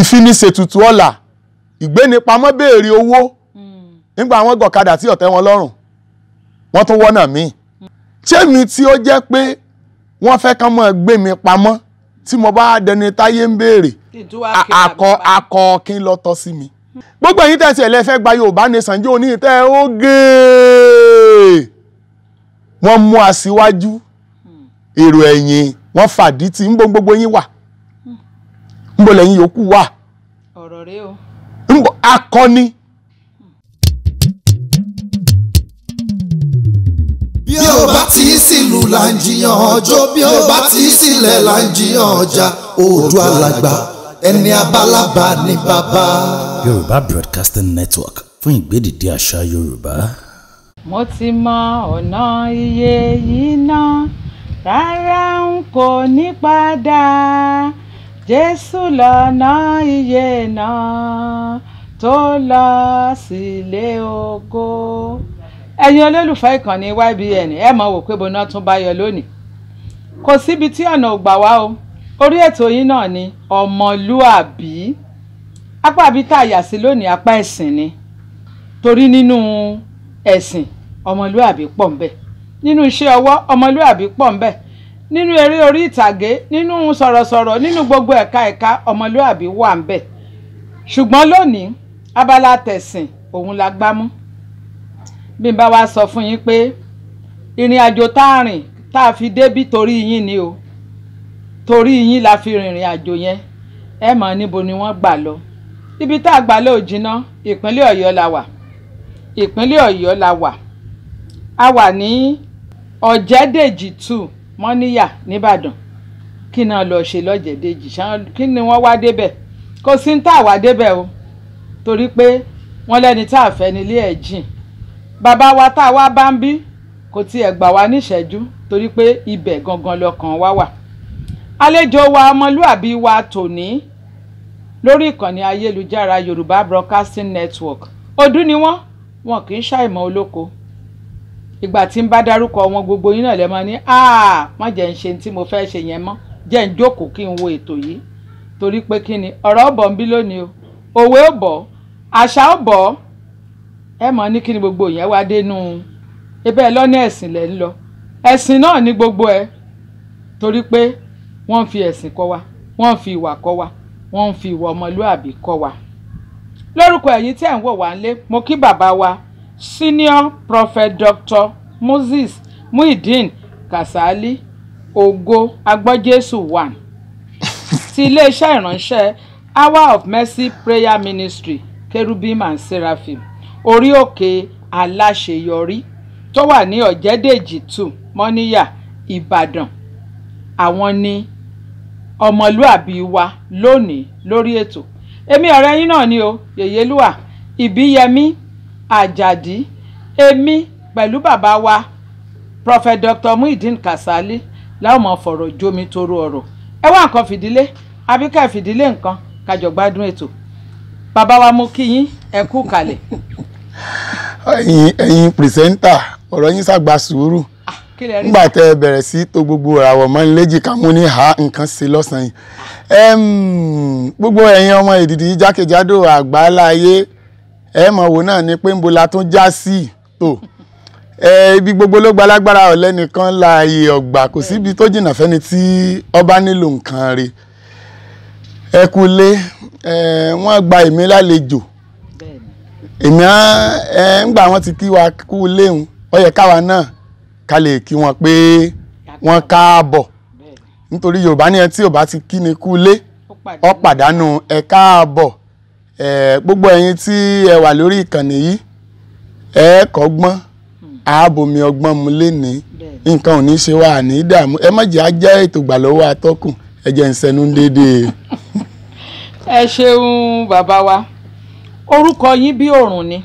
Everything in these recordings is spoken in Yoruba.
ìfinisè tutù ọ̀la ìgbénipamọ́ béèrè owó hmm. nígbà wọn gọ̀kadà tí ọ̀tẹ́ wọn lọ́rùn wọ́n tún wọ́nà mí tèmi hmm. tí ó jẹ́ pé wọ́n fẹ́ kán mọ́ gbé mi pamọ́ tí mo bá dẹni táyé ń béèrè akọ akọ kí n lọ tọ́ sí mi. Hmm. gbogbo ẹ̀yin tẹ̀sí ẹ̀ lẹ́fẹ́ gba Yorùbá Nation jẹ́ òní tẹ́ ó gèè wọ́n mú aṣíwájú èrò ẹ̀yìn wọ́n fàdí tí ń gbogbo yín wà nbọ lẹ́yìn yòókù wà. ọ̀rọ̀ rẹ o. nbọ akọni. bí ó bá ti sílùú là ń ọjọ́ bí ó bá ti sílẹ̀ là ń ọjà oòdùà làgbà ẹni abálábá ni bàbá. yorùbá broadcasting network fún ìgbédìde àṣà yorùbá. mo ti mọ ọ̀nà iye yìí ná rárá n kò ní padà. Jésù lọ́nà iye náà tó lọ sílé ògo. ẹ̀yin olólùfẹ́ ìkànnì YBN ẹ máa wò pé bóná tún bá yọ lónìí. kò síbi tí ọ̀nà ò gbà wá o orí ètò yín náà ni ọmọlúàbí apá àbí tá a yà sí lónìí apá ẹ̀sìn ni torí nínú ẹ̀sìn ọmọlúàbí pọ̀ ńbẹ̀ nínú iṣẹ́ ọwọ́ ọmọlúàbí pọ̀ ńbẹ̀ nínú eré orí ìtàgé nínú sọ̀rọ̀sọ̀rọ̀ nínú gbogbo ẹ̀ka ẹ̀ka ọmọlúàbí wà ń bẹ̀ ṣùgbọ́n lónìí abala tẹ̀sìn òun la gbá bí n bá wa sọ fún yín pé ìrìn àjò tá a rìn tá a fi débi torí yín ni o torí yín la fi rìnrìn àjò yẹn ẹ mọ̀ níbo ni wọ́n gbà lọ ibi tá a gbà lọ ò ìpínlẹ̀ ọ̀yọ́ la wà ìpínlẹ̀ ọ̀yọ́ la wà a wà ní ọ̀jẹ̀dèjì two mọ́níyà nìbàdàn kí náà lọ ṣe lọ́jẹ̀dẹ́jì kí ni wọ́n wá débẹ̀ kò sí ń tà wá débẹ̀ o torí pé wọ́n lẹ́ni tá a fẹ́ nílé ẹ̀ jìn bàbá wa tá a wá bá ń bí kò tiẹ̀ gbà wá níṣẹ́jú torí pé ibẹ̀ gangan lọkàn wa wà àlejò wa ọmọlúàbí wa tòní lórí ìkànnì ayélujára Yorùbá Broadcasting Network ọdún ni wọ́n wọn kì í ṣàìmọ̀ olóko ìgbà tí ń bá dárúkọ wọn gbogbo yín náà lè máa ní áà má jẹ́ ń ṣe tí mo fẹ́ ṣe yẹn mọ́ jẹ́ ń jókòó kí n wo ètò yìí torí pé kí ni ọ̀rọ̀ ọ̀bọ̀ ń bí lónìí o òwe ó bọ̀ àṣà ó bọ̀ ẹ mọ̀ ní kí ni gbogbo yẹn wá dénú ebe ẹ lọ́nà ẹ̀sìn lẹ́ ń lọ ẹ̀sìn náà ní gbogbo ẹ torí pé wọ́n fi ẹ̀sìn kọ́ wa wọ́n fi ìwà kọ́ wa wọ́n fi ìwà ọmọlúàbí kọ́ wa lórúkọ ẹ̀yin tí ẹ̀ ń wò wá ń lé mo kí bàbá wa senior prophet dr moses muideen kasali ògo agbọ́jésù one ti iléeṣẹ́ ìránṣẹ́ hour of mercy prayer ministry kerubim and seraphim orí òkè aláṣeyọrí tó wà ní ọ̀jẹ̀dèjì two mọ́níyà ìbàdàn àwọn ni ọmọlúàbí wa lónìí lórí ètò èmi ọ̀rẹ́ yín náà ni o yèyélúwà ìbíyẹmí ajadi èmi pẹ̀lú bàbá wa prophet dr muhyiddin kasali láwọn máa fọ̀rọ̀ jomi toro ọ̀rọ̀ ẹ wá nǹkan fìdílé àbí ká fìdílé nǹkan kájọ gbádùn ètò bàbá wa mo kí yín ẹ kú kalẹ̀. ẹ̀yin ẹ̀yin pìrìsẹ́ńtà ọ̀rọ̀ yín ṣàgbà sùúrù ah, nígbà tẹ ẹ bẹ̀rẹ̀ sí tó gbogbo ìràwọ̀ mọ́ ní léjìká ní ha nǹkan ṣe lọ́sàn-án yìí gbogbo ẹ̀yin ọmọ ìdìdì jákèjádò àgbáláyé ẹ mọ̀ wò náà ni pé ń bo la tún já sí tó ibi gbogbo ló gbalágbára ọ̀lẹ́ nìkan láàyè ọ̀gbà kò síbi tó jìnnà ni tí ọba nílò nǹkan re ẹ kú lé wọ́n gba èmi lálejò èmi ńgbà wọ́n ti kí wa kú léhùn ó yẹ káwa náà ká lè kí wọn pé wọ́n káàbọ̀ nítorí Yorùbá ní ẹ tí o ba ti kí ni kú lé ó pàdánù ẹ káàbọ̀ gbogbo ẹyin tí ẹ wà lórí ìkànnì yìí ẹ kọ́gbọ́n ààbòmí ọgbọn mu léni nǹkan ò ní ṣe wà àní dààmú ẹ má jẹ́ ajá ètò ìgbàlọ́wọ́ atọ́kùn ẹ jẹ́ ń sẹnu déédéé. ẹ ṣeun bàbá wa orúkọ yín bí òrùn ni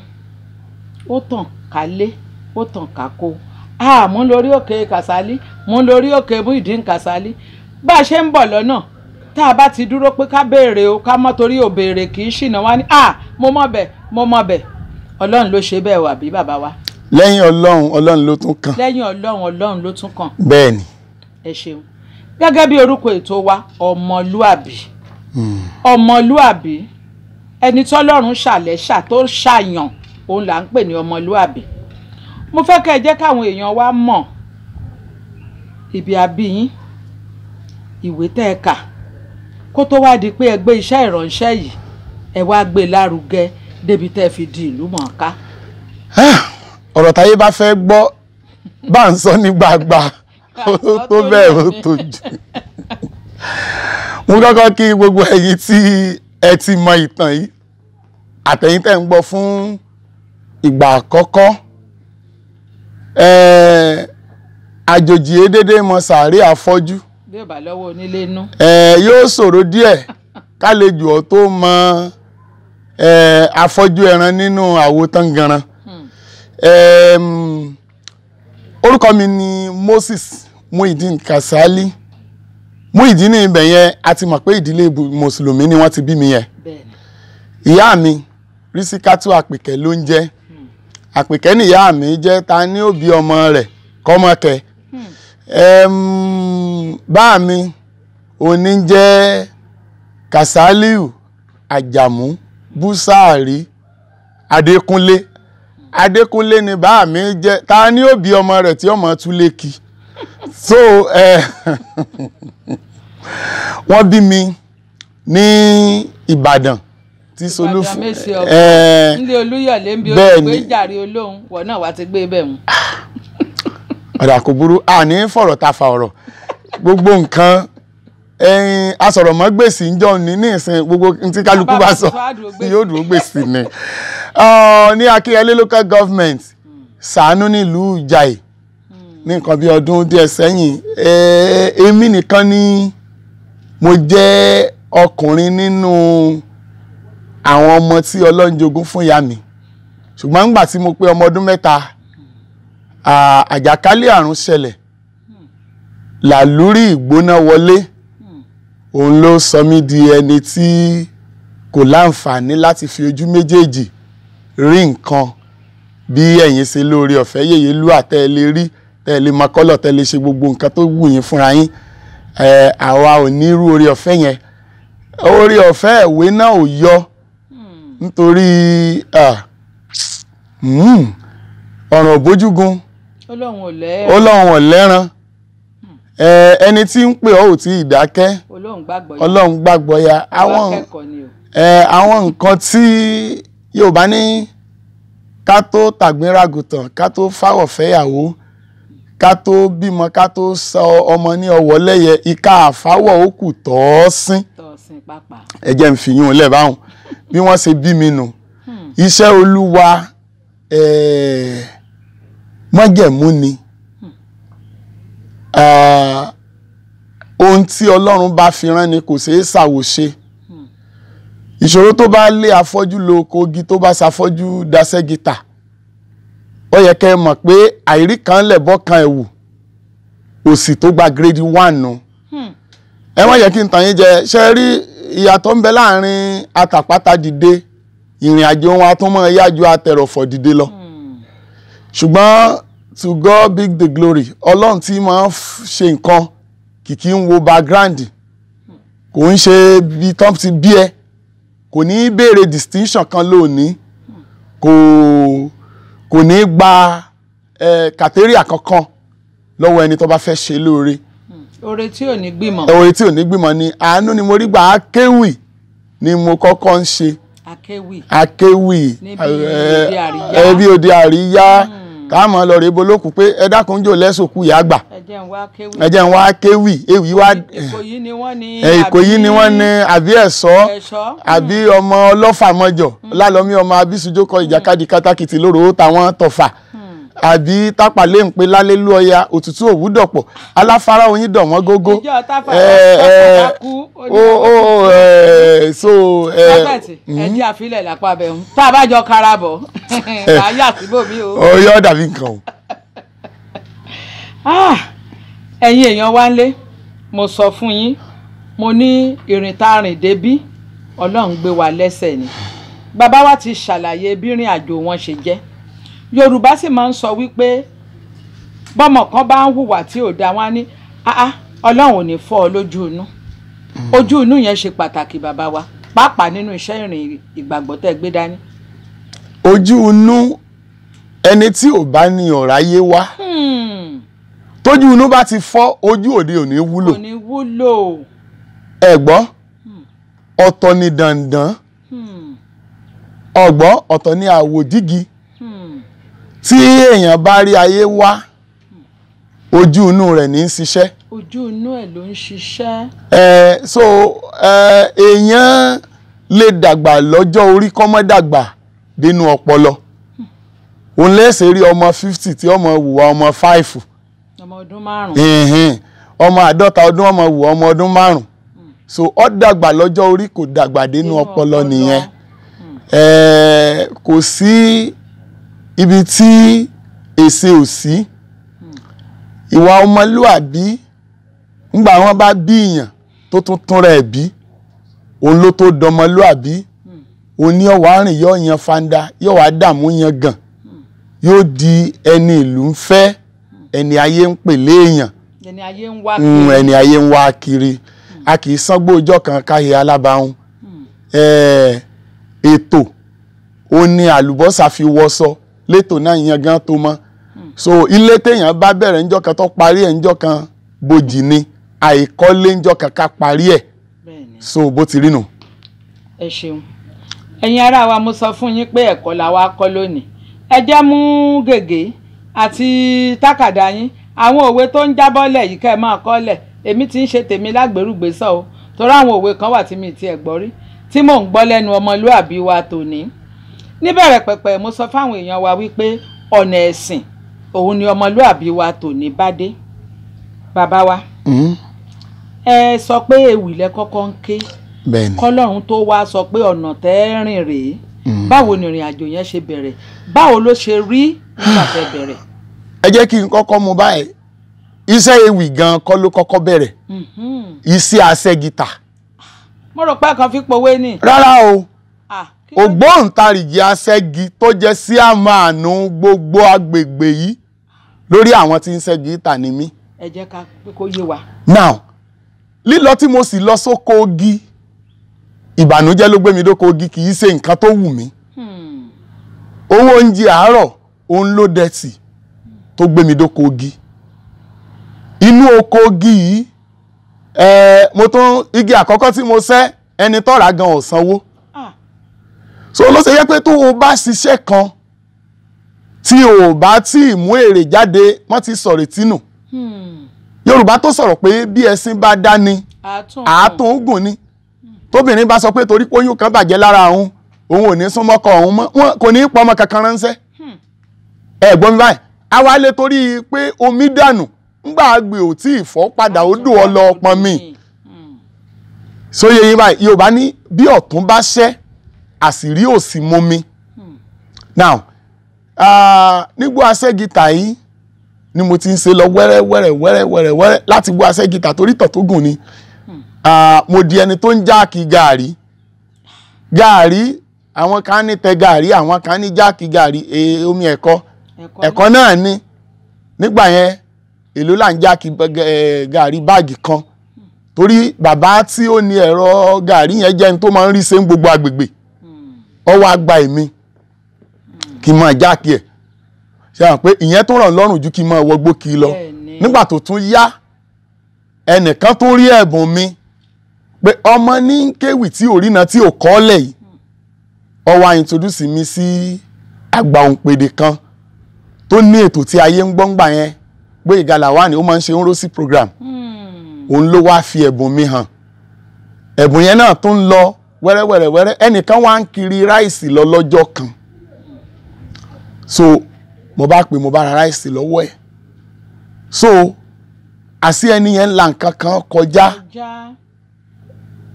ó tàn kálé ó tàn kákó a mú lórí òkè Kàsálí mú lórí òkè Muyideen Kàsálí bá a ṣe ń bọ̀ lọ́nà tá a bá ti dúró pé ká béèrè o ká mọ́ torí ò béèrè kì í ṣìnà wá ní mo mọ̀ bẹ̀ mo mọ̀ bẹ̀ ọlọ́run ló ṣe bẹ́ẹ̀ wà bí bàbá wa. lẹ́yìn ọlọ́run ọlọ́run ló tún kàn. lẹ́yìn ọlọ́run ọlọ́run ló tún kàn. bẹ́ẹ̀ni. ẹ ṣeun gẹ́gẹ́ bí orúkọ ètò wa ọmọlúàbí hmm. ọmọlúàbí ẹni tọ́lọ́run ṣàlẹ́ṣà tó ṣàyàn òun là ń pè ní ọmọlúàbí mo fẹ́ kẹ́ ẹ jẹ́ káwọn èèyàn wa mọ̀ ibi àbíyín ìwé tẹ́ ẹ kà kó tó wá di pé ẹ gbé iṣẹ́ ìránṣẹ́ yìí ẹ wá gbé e lárugẹ débi tẹ́ fi di ìlú mọ̀ọ́ká. Ah, ọ̀rọ̀ táyé bá fẹ́ gbọ́ bá ń sọ ní gbàgbà ó tó bẹ́ẹ̀ ó tó jù. mo kọ́kọ́ kí gbogbo ẹ̀yin tí ẹ ti mọ ìtàn yìí àtẹ̀yin tẹ́ ń gbọ́ fún ìgbà àkọ́kọ́ eh, àjòjì edédé mọ sàárè afọ́jú bí ó bá lọ́wọ́ onílé inú. ẹ yóò ṣòro díẹ̀ kálejò ọ tó mọ ẹ ẹran nínú àwo tangaran hmm. mm, orúkọ mi ni Moses Muideen Kasali Muideen ní ibẹ̀ yẹn a ti mọ̀ pé ìdílé mùsùlùmí ni wọ́n ti bí mi yẹn ìyá mi Rísíkátù Àpèkẹ́ ló ń jẹ́ hmm. Àpèkẹ́ nìyá mi jẹ́ ta ní òbí ọmọ rẹ̀ kọ́mọkẹ́ bá mi òní jẹ́ Kasaliu Àjàmú Búsàárì Adékúnlé Adékúnlé ni bá mi jẹ́ ta ni ó bí ọmọ rẹ̀ tí ọmọ túlé kí so eh, wọ́n bí mi ní Ìbàdàn tí Solúfú eh, ẹ̀ bẹ́ẹ̀ ni bẹ́ẹ̀ ni wọ́n náà wá ti gbé bẹ́ẹ̀ mu ọ̀dà kò burú àní fọ̀rọ̀ ta fa ọ̀rọ̀ gbogbo nǹkan asọ̀rọ̀mọ́ gbèsè ń jọ ní ní ìsìn gbogbo tí kálukú bá sọ yóò dúró gbèsè ni ní Akínyẹlé local government ṣàánú nílùú Ìjàì hmm. ní nǹkan bí ọdún díẹ̀ sẹ́yìn èmi nìkan ni mo jẹ́ ọkùnrin nínú àwọn ọmọ tí Ọlọ́run jogún fún ìyá mi ṣùgbọ́n nígbà tí mo pé ọmọ ọdún mẹ́ta àjàkálẹ̀ àrùn ṣẹlẹ̀ làlúrí ìgbóná wọlé òun ló sọ mí di ẹni tí kò láǹfààní láti fi ojú méjèèjì rí nǹkan bí ẹ̀yin ṣe lóore ọ̀fẹ́ yèyé lú àtẹ́lẹ̀ rí tẹ́lẹ̀ mọ́kọ́lọ̀ tẹ́lẹ̀ ṣe gbogbo nǹkan tó wù yín fúnra yín àwa ò ní irú oore ọ̀fẹ́ yẹn oore ọ̀fẹ́ ìwé náà ò yọ nítorí hmm, ọ̀ràn òbójúgun ọlọ́run ò lẹ́ran hmm. ẹni tí ń pè ọ́ ò tí ì dákẹ́ ọlọ́run gbàgbọ́ ya àwọn nǹkan tí Yorùbá ní ká tó tàgbínragùtàn ká tó fáwọ̀ fẹ́yàwó ká tó bímọ ká tó sọ ọmọ ní ọwọ́ lẹ́yẹ ìka àfáwọ̀ ó kù tọ́ ọ sín ẹ jẹ́ ń fi yún un lẹ̀ bí wọ́n ṣe bí mi nù hmm. iṣẹ́ olúwa ẹ̀ẹ́ májẹ̀mú ni ohun tí ọlọ́run bá fi rán ni kò ṣeé ṣàwòṣe ìṣòro tó bá lé afọ́jú lo kogi tó bá ṣàfọ́jú daṣẹ́ gita ó yẹ kẹ́ ẹ mọ̀ pé àìrí kan lẹ̀bọ́ kan ẹ̀wù òsì tó gba grade one nù ẹ má yẹ kí n tàn yín jẹ ṣe rí ìyàtọ̀ ń bẹ láàrin atàpátá dìde ìrìn àjò wọn a tún mọ̀ yá ju atẹ̀rọ̀fọ̀ dìde lọ hmm. ṣùgbọ́n to God be the glory ọlọ́run tí máa ń ṣe nǹkan kìkì ń wo background kò ń ṣe bí tom ti bí ẹ kò ní í béèrè distinction kan lónìí kò kò ní í gba kàtẹ́ríà kankan lọ́wọ́ ẹni tó bá fẹ́ ṣe lóore. oore tí ò ní gbìmọ̀. oore tí ò ní gbìmọ̀ ni àánú ni mo rí gbà akéwì ni mo kọ́kọ́ ń ṣe. akéwì. akéwì. níbi òde àríyá. ẹbí òde àríyá. Mm táàmù ọlọ́rẹ̀ ibo ló kù pé ẹ dákun jò lẹ́sòkú ìyá àgbà ẹ jẹ́ ń wá kéwì ewì wá eh, eh, ìkòyí ni wọ́n ní àbí ẹ̀sọ́ àbí hmm. ọmọ ọlọ́fà mọ́jọ hmm. lálọ́mí ọmọ abísújókọ hmm. ìjàkadì kátàkìtì lóru ó tàwọn tọ̀fà àbí tápàlé ń pe lálé lú ọya òtútù òwúdọ̀pọ̀ aláfárá oyin dọ̀ wọ́n gógó. ìjọ tápàlé tápàlá kú ó ní so. tábàtì mhm. ẹ̀dí àfilẹ̀ lápá bẹ̀rù tá a bá jọ karabọ̀ kà á yà síbò mí o. ó yọ dàbí nǹkan o. Ah, ẹ̀yin èèyàn wá lé mo sọ fún yín mo ní ìrìn tá a rìn débí ọlọ́run gbé wa lẹ́sẹ̀ ni bàbá wa ti ṣàlàyé bí ìrìn àjò wọn ṣe jẹ́ yorùbá sì máa ń sọ wípé bọ́mọ kan bá ń hùwà tí ò da wá ní áá ọlọ́run ò ní fọ́ ọ lójú inú hmm. ojú inú yẹn ṣe pàtàkì bàbá wa pàápàá nínú iṣẹ́ ìrìn ìgbàgbọ́ tẹ́ gbé dání. ojú inú ẹni tí ò bá ní ọ̀rá yé wá hmm. tójú inú bá ti fọ́ ojú òde òní wúlò wúlò ẹ hmm. ọ̀tọ̀ ni dandan ọ̀gbọ́ ọ̀tọ̀ ni àwòdígi. Hmm tí èèyàn bá rí ayé wá ojú inú rẹ̀ ní í ṣiṣẹ́. ojú inú ẹ̀ ló ń ṣiṣẹ́. ẹ so èèyàn lè dàgbà lọ́jọ́ orí kọ́mọ́ dàgbà dínú ọpọlọ òun lẹ́sẹ̀ rí ọmọ fifty tí ọmọ wùwà ọmọ five. ọmọ ọdún márùn-ún. ọmọ àádọ́ta ọdún ọmọ wùwà ọmọ ọdún márùn-ún so ọ dàgbà lọ́jọ́ orí kò dàgbà dínú ọpọlọ nìyẹn hmm. kò sí ibi tí èsè ò sí ìwà ọmọlúàbí ńgbà wọn bá bí èèyàn tó tún túnra ẹ̀ bí òun ló tó dọmọlúàbí òun ní ọ̀wá rìn yóò yan fanda yóò wá dààmú yan gàn yóò di ẹni ìlú ń fẹ́ ẹni ayé ń pèlé èèyàn hmm, ẹni ayé ń wá kiri a kì í sángbó ọjọ́ kan káyé alábàáhùn hmm. ètò òun ni àlùbọ́sà fi wọ́sọ. So létò náà yan gan tó mọ́ so ilé téèyàn bá bẹ̀rẹ̀ ńjọ́ kan tó parí ẹ̀ ńjọ́ kan bojì ni àìkọ́lé ńjọ́ kan ká parí ẹ̀ so bó ti rí nù. ẹ ṣeun ẹ̀yin ará wa mo sọ fún yín pé ẹ̀kọ́ la wá kọ́ lónìí ẹ jẹ́ mú gègé àti tákàdá yín àwọn òwe tó ń jábọ́lẹ̀ yìí ká ẹ máa kọ́lẹ̀ èmi ti ń ṣe tèmi lágbèrúgbèsọ o torí àwọn òwe kan wà tí mi ti ẹ̀ gbọ́ rí tí mò ń gbọ́ lẹ́nu ọmọlúàbí wa tòní níbẹ̀rẹ̀ pẹ̀pẹ̀ mo sọ fáwọn èèyàn wa wípé ọ̀nà ẹ̀sìn òun ni ọmọlúàbí wa tòní bá dé bàbá wa hmm. ẹ sọ pé ewì lẹ kọ́kọ́ ń ké kọ́lọ́run tó wá sọ pé ọ̀nà tẹ́ rìn rèé hmm. báwo ni ìrìn àjò yẹn ṣe bẹ̀rẹ̀ báwo ló ṣe rí nígbà tẹ́ bẹ̀rẹ̀. ẹ jẹ́ kí n kọ́kọ́ mú báyìí iṣẹ́ ewì gan-an kọ́ ló kọ́kọ́ bẹ̀rẹ̀ mm-hmm. iṣẹ́ aṣẹ́gita. mo rò pé kan fi powé ni. rárá o ah ògbóǹtarìgì aṣẹ́gi tó jẹ́ síàmáànù gbogbo agbègbè yìí lórí àwọn tí ń ṣẹ́gi ìta ni mí. ẹ jẹ́ ká pé kó yé wa. now lílọ tí mo sì lọ sóko ogi ìbànújẹ́ ló gbé mi dóko ogi kì í ṣe nǹkan tó wù mí hmm. owó oúnjẹ àárọ̀ òun ló dẹ̀tì tó gbé mi dóko ogi inú oko ogi yìí eh, mo tún igi àkọ́kọ́ tí mo ṣẹ́ ẹni tọ́ra gan ò so ló ṣe yẹ pé tó o bá ṣiṣẹ́ kan tí o bá tí ì mú èrè jáde wọ́n ti sọ̀rọ̀ tínú hmm. yorùbá tó sọ̀rọ̀ pé bí ẹṣin bá dá ni àátún gùn ni tóbìnrin bá sọ pé torí pé oyún kan bàjẹ́ lára òun òun ò ní súnmọ́kọ òun mọ́ wọn kò ní í pọ́ ọmọ kankan ránṣẹ́ hmm. ẹ gbọ́ mi báyìí àwa lè torí pé omi dànù ńgbà àgbè ò tí ì fọ́ padà ó dùn ọ lọ ọpọn mi hmm. sóye yín báyìí yorùbá ní bí ọ̀tún bá ṣẹ́ àṣírí òsì momi. Hmm. now ah, nígbó aṣẹ́gìtà yìí ni mo ti ń ṣe lọ wẹ́rẹ́ wẹ́rẹ́ wẹ́rẹ́ wẹ́rẹ́ wẹ́rẹ́ láti gbó aṣẹ́gìtà torí tọ̀ tó gùn ni hmm. ah, mo di ẹni tó ń jáàkì gàárì gàárì àwọn kan ní tẹ gàárì àwọn kan ní jáàkì gàárì e, omi ẹ̀kọ́ ẹ̀kọ́ náà ni nígbà yẹn èló là ń jáàkì gàárì báàgì kan hmm. torí bàbá tí ó ní ẹ̀rọ gàárì yẹn jẹ́ ẹni tó máa ń rí ṣe gbogbo agbègbè ọwọ́ àgbà èmi kì í máa jákè ẹ̀ ṣe hàn pé ìyẹn tó ràn lọ́rùn ju kì í máa wọgbó kiri lọ nígbà tó tún yá ẹnìkan tó rí ẹ̀bùn mi pé ọmọ ní kéwì tí ò rí náà tí ò kọ́ lẹ̀ yìí ọwọ́ introduce mi sí àgbà òǹpèdè kan tó ní ètò tí ayé ń gbọ́ngbà yẹn pé ìgalà wà ní ó máa ń ṣe ń rosy program hmm. òun ló wá fi ẹ̀bùn mi hàn ẹ̀bùn yẹn náà tó ń lọ wẹ́rẹ́wẹ́rẹ́wẹ́rẹ́ ẹnìkan wá ń kiri ráìsì lọ lọ́jọ́ kan so mo bá pè mo bá ra ráìsì lọ́wọ́ ẹ̀ so àṣì ẹni yẹn ń la nǹkan kan kọjá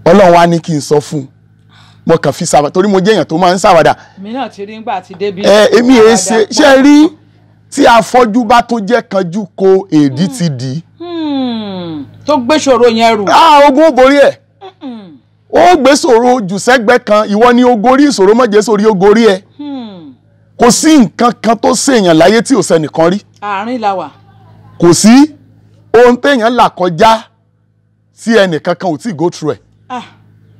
ọlọ́run wá ní kí n sọ fún un mo kàn fi ṣàwàdà torí mo jẹ́ èèyàn tó máa ń ṣàwàdà. mi náà ti rí ngbà àti débi. ẹ èmi èé ṣe ṣe rí tí afọ́jú bá tó jẹ́ kanjú ko èdí ti dì í. Hmm, hmm, tó gbé ṣòro yẹn rù. a ah, ogun ó borí ẹ̀ ó gbé ṣòro jù sẹ́gbẹ́ kan ìwọ ni ó gorí ìṣòro má jẹ́ sórí ó gorí ẹ hmm. kò sí nǹkan kan tó ṣèèyàn láyé tí ò sẹ́nìkan rí. àárín la wà. kò sí ohun téèyàn là kọjá tí ẹnìkan kan ò tí go through ẹ ah.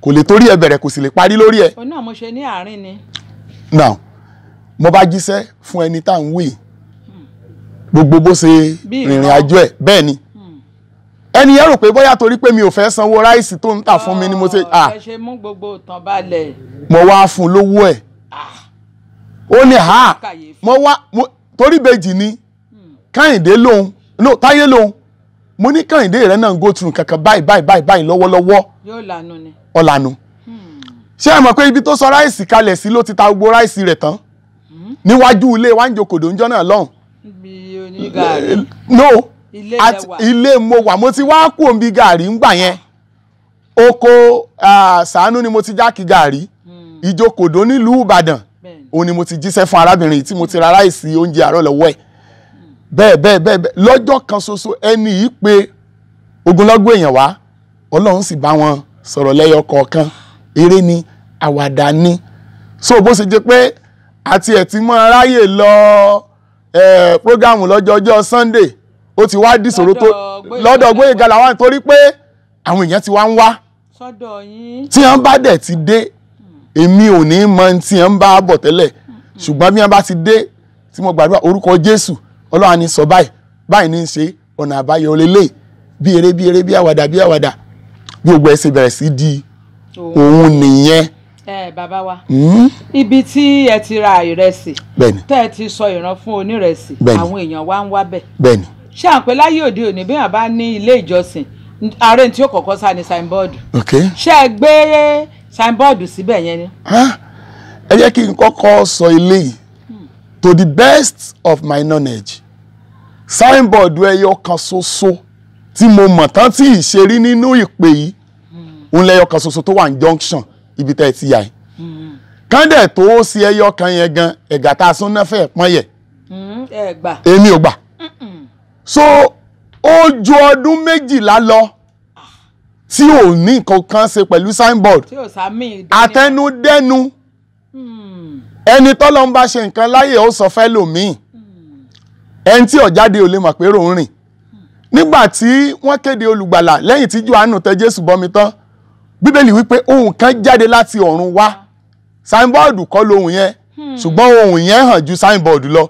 kò lè torí ẹ bẹ̀rẹ̀ kò sì lè parí lórí ẹ. òun náà mo ṣe ní àárín ni. now mo bá jíṣẹ́ fún ẹni tá à ń wí hmm. gbogbo bó ṣe rìnrìn àjò ẹ̀ bẹ́ẹ̀ ni ẹni yẹn rò pé bóyá torí pé mi ò fẹ́ sanwó ráìsì tó ń tà fún mi ni mo ṣe. Ah. ẹ ṣe mú gbogbo ìtàn balẹ̀. mo wá fún un lówó ẹ̀ ah. ó ní ha mo wá torí bèjì ni hmm. Kẹ́hìndé lòun no Táyé lòun mo ní Kẹ́hìndé rẹ náà ń go through kankan báyìí báyìí báyìí báyìí lọ́wọ́lọ́wọ́ ọ̀lànà hmm. ṣé ẹ mọ̀ pé ibi tó sọ ráìsì kalẹ̀ sí ló ti ta gbogbo ráìsì rẹ̀ tán hmm. níwájú ilé wa ń jòkòdó ń jọ́ náà lọ́hùn. no ilé mo wà mo ti wá kú òǹbi gàrí ńgbà yẹn oko sàánú ni mo ti jákì gàrí hmm. ìjókòdó nílùú ìbàdàn òun ni mo ti jíṣẹ́ fún arábìnrin tí mo ti ra ráìsì oúnjẹ àárọ̀ lọ́wọ́ ẹ̀ hmm. bẹ́ẹ̀ bẹ́ẹ̀ bẹ́ẹ̀ lọ́jọ́ kan ṣoṣo ẹni yìí pé ogunlọ́gbọ̀ èèyàn wá ọlọ́run sì bá wọn sọ̀rọ̀ lẹ́yọ kọ̀ọ̀kan eré ni àwàdà ni so bó ṣe jẹ́ pé àti ẹ̀ ti mọ́ aráyè lọ ẹ̀ prógámù lọ́jọ́jọ́ sunday ó ti wá dìṣòro tó lọ́dọ̀ Gbóyèga làwọn torí pé àwọn èèyàn ti wá ń wá tí wọ́n bá dẹ̀ ti dé èmi ò ní mọ tí wọ́n bá bọ̀ tẹ́lẹ̀ ṣùgbọ́n bí wọ́n bá ti dé tí mo gbàdúrà orúkọ Jésù Ọlọ́run ni sọ báyìí báyìí ní í ṣe ọ̀nà àbáyọ lélẹ̀ bí eré bí eré bí àwàdà bí àwàdà bí gbogbo ẹ̀ bẹ̀rẹ̀ sí di òun nìyẹn ẹ bàbá wa hmm? ibi tí ẹ ti ra ìrẹsì tẹ ẹ ti sọ ìran fún onírẹsì àwọn èèyàn wa ń wá bẹ ṣé à ń pẹ́ láyé òde òní bí wọ́n bá ní ilé ìjọsìn ààrẹ tí yóò kọ́kọ́ sá ni signboard. ok ṣé ẹ gbé signboard síbẹ̀ yẹn ni. ẹ jẹ́ kí n kọ́kọ́ sọ eléyìí hmm. to the best of my knowledge signboard ẹyọ kan ṣoṣo tí mo mọ̀ tán tí ìṣerí nínú ìpè yìí hmm. òun lẹyọ kan ṣoṣo tó wà ní junction ibi tẹ́ ẹ ti yà yìí hmm. kàndẹ̀ tó ṣe ẹyọ kan yẹn gan ẹ̀gà tá a sún náà fẹ́ẹ̀ pọ́n yẹ. èmi ò gbà so ó ju ọdún méjìlá lọ tí ò ní nǹkan kan ṣe pẹ̀lú signboard àtẹnudẹ́nu hmm. ẹni tọ́lọ́ ń bá ṣe nǹkan láyè ó sọ fẹ́ lòmíì hmm. ẹni tí ọ̀jáde ò lè mọ̀ pé rò ń rìn hmm. nígbà tí wọ́n kéde olùgbàlà lẹ́yìn tí Jòhánù tẹ Jésù bọmi tán bíbélì wípé ohùn kan jáde láti ọ̀run wá signboard kọ́ lohùn yẹn ṣùgbọ́n ohùn yẹn hàn ju signboard lọ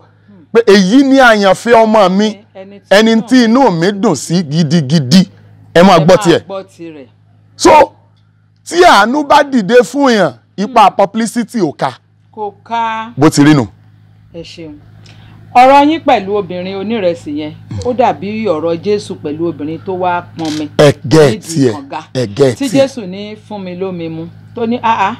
pé èyí ni àyànfẹ́ ọmọ mi. Mm ẹni tí inú mi dùn sí gidigidi ẹ máa gbọ́ tiẹ̀ so tí àánú bá dìde fún èèyàn ipa hmm. publicity ò ká kò ká bó ti rí nù. ẹ ṣeun ọ̀rọ̀ yín pẹ̀lú obìnrin onírẹsì yẹn ó dàbí ọ̀rọ̀ jésù pẹ̀lú obìnrin tó wá pọn mi. ẹgẹ tiẹ ẹgẹ tiẹ tí jésù ní fún mi lómi mu tó ní áá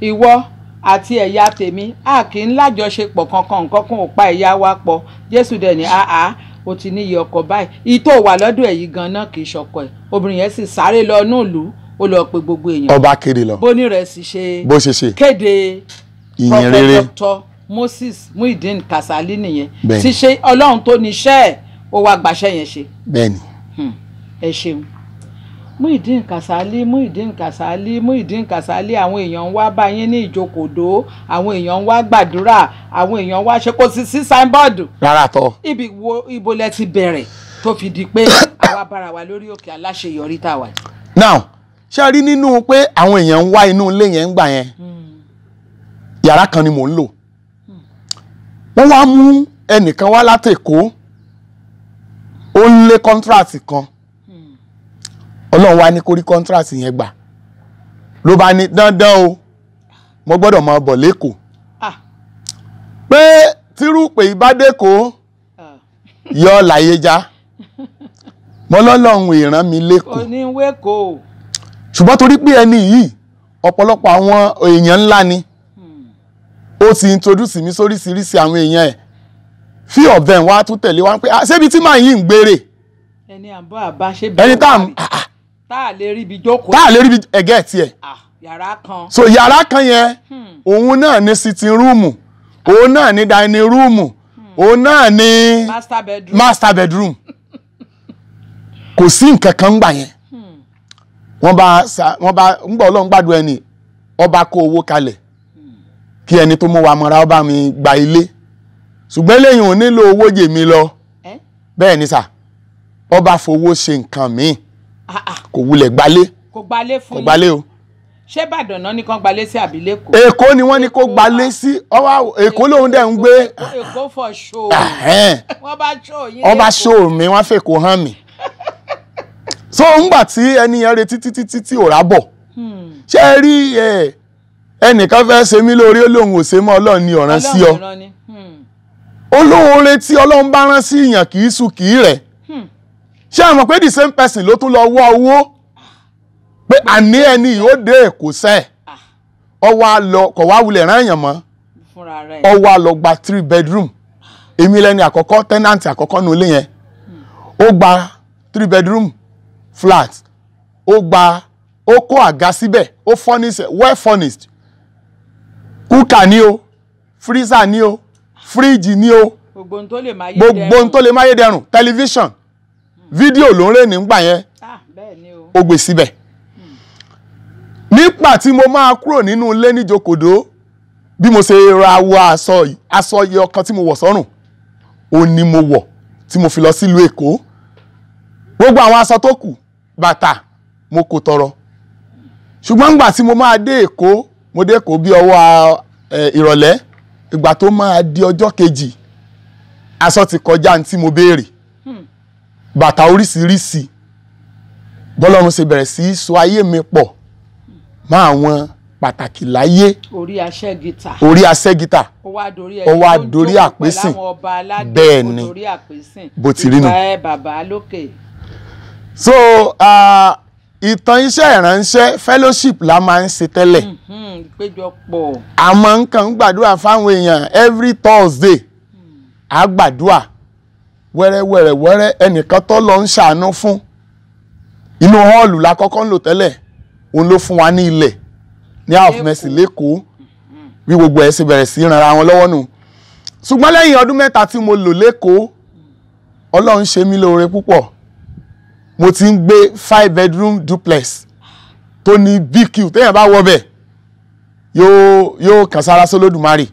ìwọ àti ẹ̀yà tèmi a kì í lájọṣepọ̀ kankan nǹkan kan ò pa ẹ̀yà wa pọ̀ jésù dẹ̀ ní a o ti níyì ọkọ báyìí ìtò wà lọ́dọ̀ èyí ganan kì í ṣọkọ ẹ̀ obìnrin yẹn sì sáré lọ núùlù ó lọ pe gbogbo èèyàn. ọba kéde lọ bóní rẹ sì ṣe bó ṣe ṣe kéde ìyìn rere Dr. Moses Muideen Kasali nìyẹn ti ṣe Ọlọ́run tó níṣẹ́ ẹ̀ ó wá gbàṣẹ́ yẹn ṣe. bẹ́ẹ̀ni. Hmm. ẹ ṣeun. Muideen Kasali Muideen Kasali Muideen Kasali àwọn èèyàn ń wá bá yín ní ìjókòdó àwọn èèyàn ń wá gbàdúrà àwọn èèyàn wá ṣe kò sí sí signboard. rárá tọ. ibi wo ibo lẹ ti bẹ̀rẹ̀ tó fi di pé àwa bára wa lórí òkè aláṣeyọrí tá a wà. now ṣe rí nínú pé àwọn èèyàn ń wá inú ilé yẹn ń gbà yẹn hmm. yàrá kan ni mò ń lò hmm. wọ́n wá mú ẹnìkan wá látẹ̀kọ́ ó ń lé kọ́ńtíráàtì kan ọlọ́run wá ní kó rí contract yẹn gbà ló bá ní dandan o mo gbọ́dọ̀ máa bọ̀ lẹ́kọ̀ọ́ ah. pé tírúpè ìbádẹ́kọ̀ ah. yọ láyé já mo lọ́lọ́run ìran mi lẹ́kọ̀ọ́ ṣùgbọ́n torí pé ẹni yìí ọ̀pọ̀lọpọ̀ àwọn èèyàn ńlá ni hmm. ó ti introduce mi sóríṣiríṣi àwọn èèyàn ẹ̀ fí ọ̀bẹ̀ wá tún tẹ̀lé wá pé ah, ṣébi tí màá yìí ń gbére ẹni tá à ń tá a lè ríbi jókòó. tá a lè ríbi ẹ̀gẹ́ tiẹ̀. Ah, yàrá kan. so yàrá kan yẹn hmm. òun náà ni sitting room òun náà ni dining room hmm. òun náà ni master bedroom. master bedroom kò sí nǹkan kan gbà yẹn hmm. wọ́n bá wọ́n bá ń gbọ́ ọlọ́run gbàdúrà ẹni ọba kó owó kalẹ̀ kí ẹni tó mú wa mọ́ra ọba mi gba ilé ṣùgbọ́n eléyìí ò nílò owó jèmi lọ bẹ́ẹ̀ ni sà ọba fowó ṣe nǹkan míì. Ah, ah. kò wulẹ̀ gbalé kò gbalé o. ṣé ìbàdàn náà ní kán gbalé sí àbí lẹ́kọ̀ọ́. èkó ni wọ́n ní kó gbalé ah. sí ọwọ́ èkó lòun dẹ̀ ń gbé. èkó fọ ṣòó eh. wọ́n bá ṣòó yín lẹ́kọ̀ọ́. wọ́n bá ṣòó mi wọ́n fèkó hàn mí. so ńgbà tí ẹni yẹn retí títí títí ò bọ̀? Hmm. ṣé ẹ rí ẹnìkan fẹ́ ṣe mí lórí olóhùn òṣèmọ́ ṣe mọ́ ọlọ́run ni ọ̀ràn sí ọ olóhùn hmm. retí ọlọ́run bá rán sí ìyàn kì í sùn kì í rẹ̀ ṣé àwọn pé the same person ló tún lọ wọ́ owó pé àní ẹni yóò dé èkó sẹ́ ọwọ́ àlọ kọ̀ wá wulẹ̀ ráyàn mọ́ ọwọ́ àlọ gba three bedroom èmi lẹ́ni àkọ́kọ́ tenant àkọ́kọ́ nu ilé yẹn ó gba three bedroom flat ó gba ó kó àga síbẹ̀ ó furnished well furnished kúkà ni o freezer ni o fíríjì ni o gbogbo ohun tó lè máyédẹrùn television fídíò ló ń rè nígbà yẹn ó gbé síbẹ̀ hmm. nígbà tí mo máa kúrò nínú ilé níjokòdó bí mo ṣe ra wọ aṣọ iye ọ̀kan tí mo wọ̀ sọ́rùn òun ni mo wọ̀ tí mo fi lọ sílùú Èkó gbogbo àwọn aṣọ tó kù bàtà mo kò tọrọ ṣùgbọ́n nígbà tí mo máa dé Èkó mo dé Èkó bí ọwọ́ ìrọ̀lẹ́ di ọjọ́ kejì aṣọ ti kọjá ní mo béèrè bàtà oríṣiríṣi bọ́lọ́run ṣe bẹ̀rẹ̀ sí í so ayé mi pọ̀ mọ́ àwọn pàtàkì láyé orí aṣẹ́gita orí aṣẹ́gita ó wá dorí àpésìn bẹ́ẹ̀ ni bó ti rí nu. so uh, ìtàn iṣẹ́ ìránṣẹ́ fellowship la máa ń ṣe tẹ́lẹ̀ àmọ́ mm-hmm, nǹkan gbàdúrà fáwọn èèyàn every Thursday a gbàdúrà wẹ́rẹ́wẹ́rẹ́wẹ́rẹ́ ẹnìkan tó lọ ń ṣàánú fún inú họ́ọ̀lù la kọ́kọ́ ń lò tẹ́lẹ̀ òun ló fún wa ní ilẹ̀ ní half mercy lẹ́kọ̀ọ́ bí gbogbo ẹ̀ ṣe bẹ̀rẹ̀ sí ìrànra wọn lọ́wọ́ nù ṣùgbọ́n lẹ́yìn ọdún mẹ́ta tí mo lò lẹ́kọ̀ọ́ ọlọ́run ṣe mí lóore púpọ̀ mo ti ń gbé five bedroom duplex tó ní BQ téèyàn bá wọ bẹ̀ yóò yóò kàn sára sólódùmarè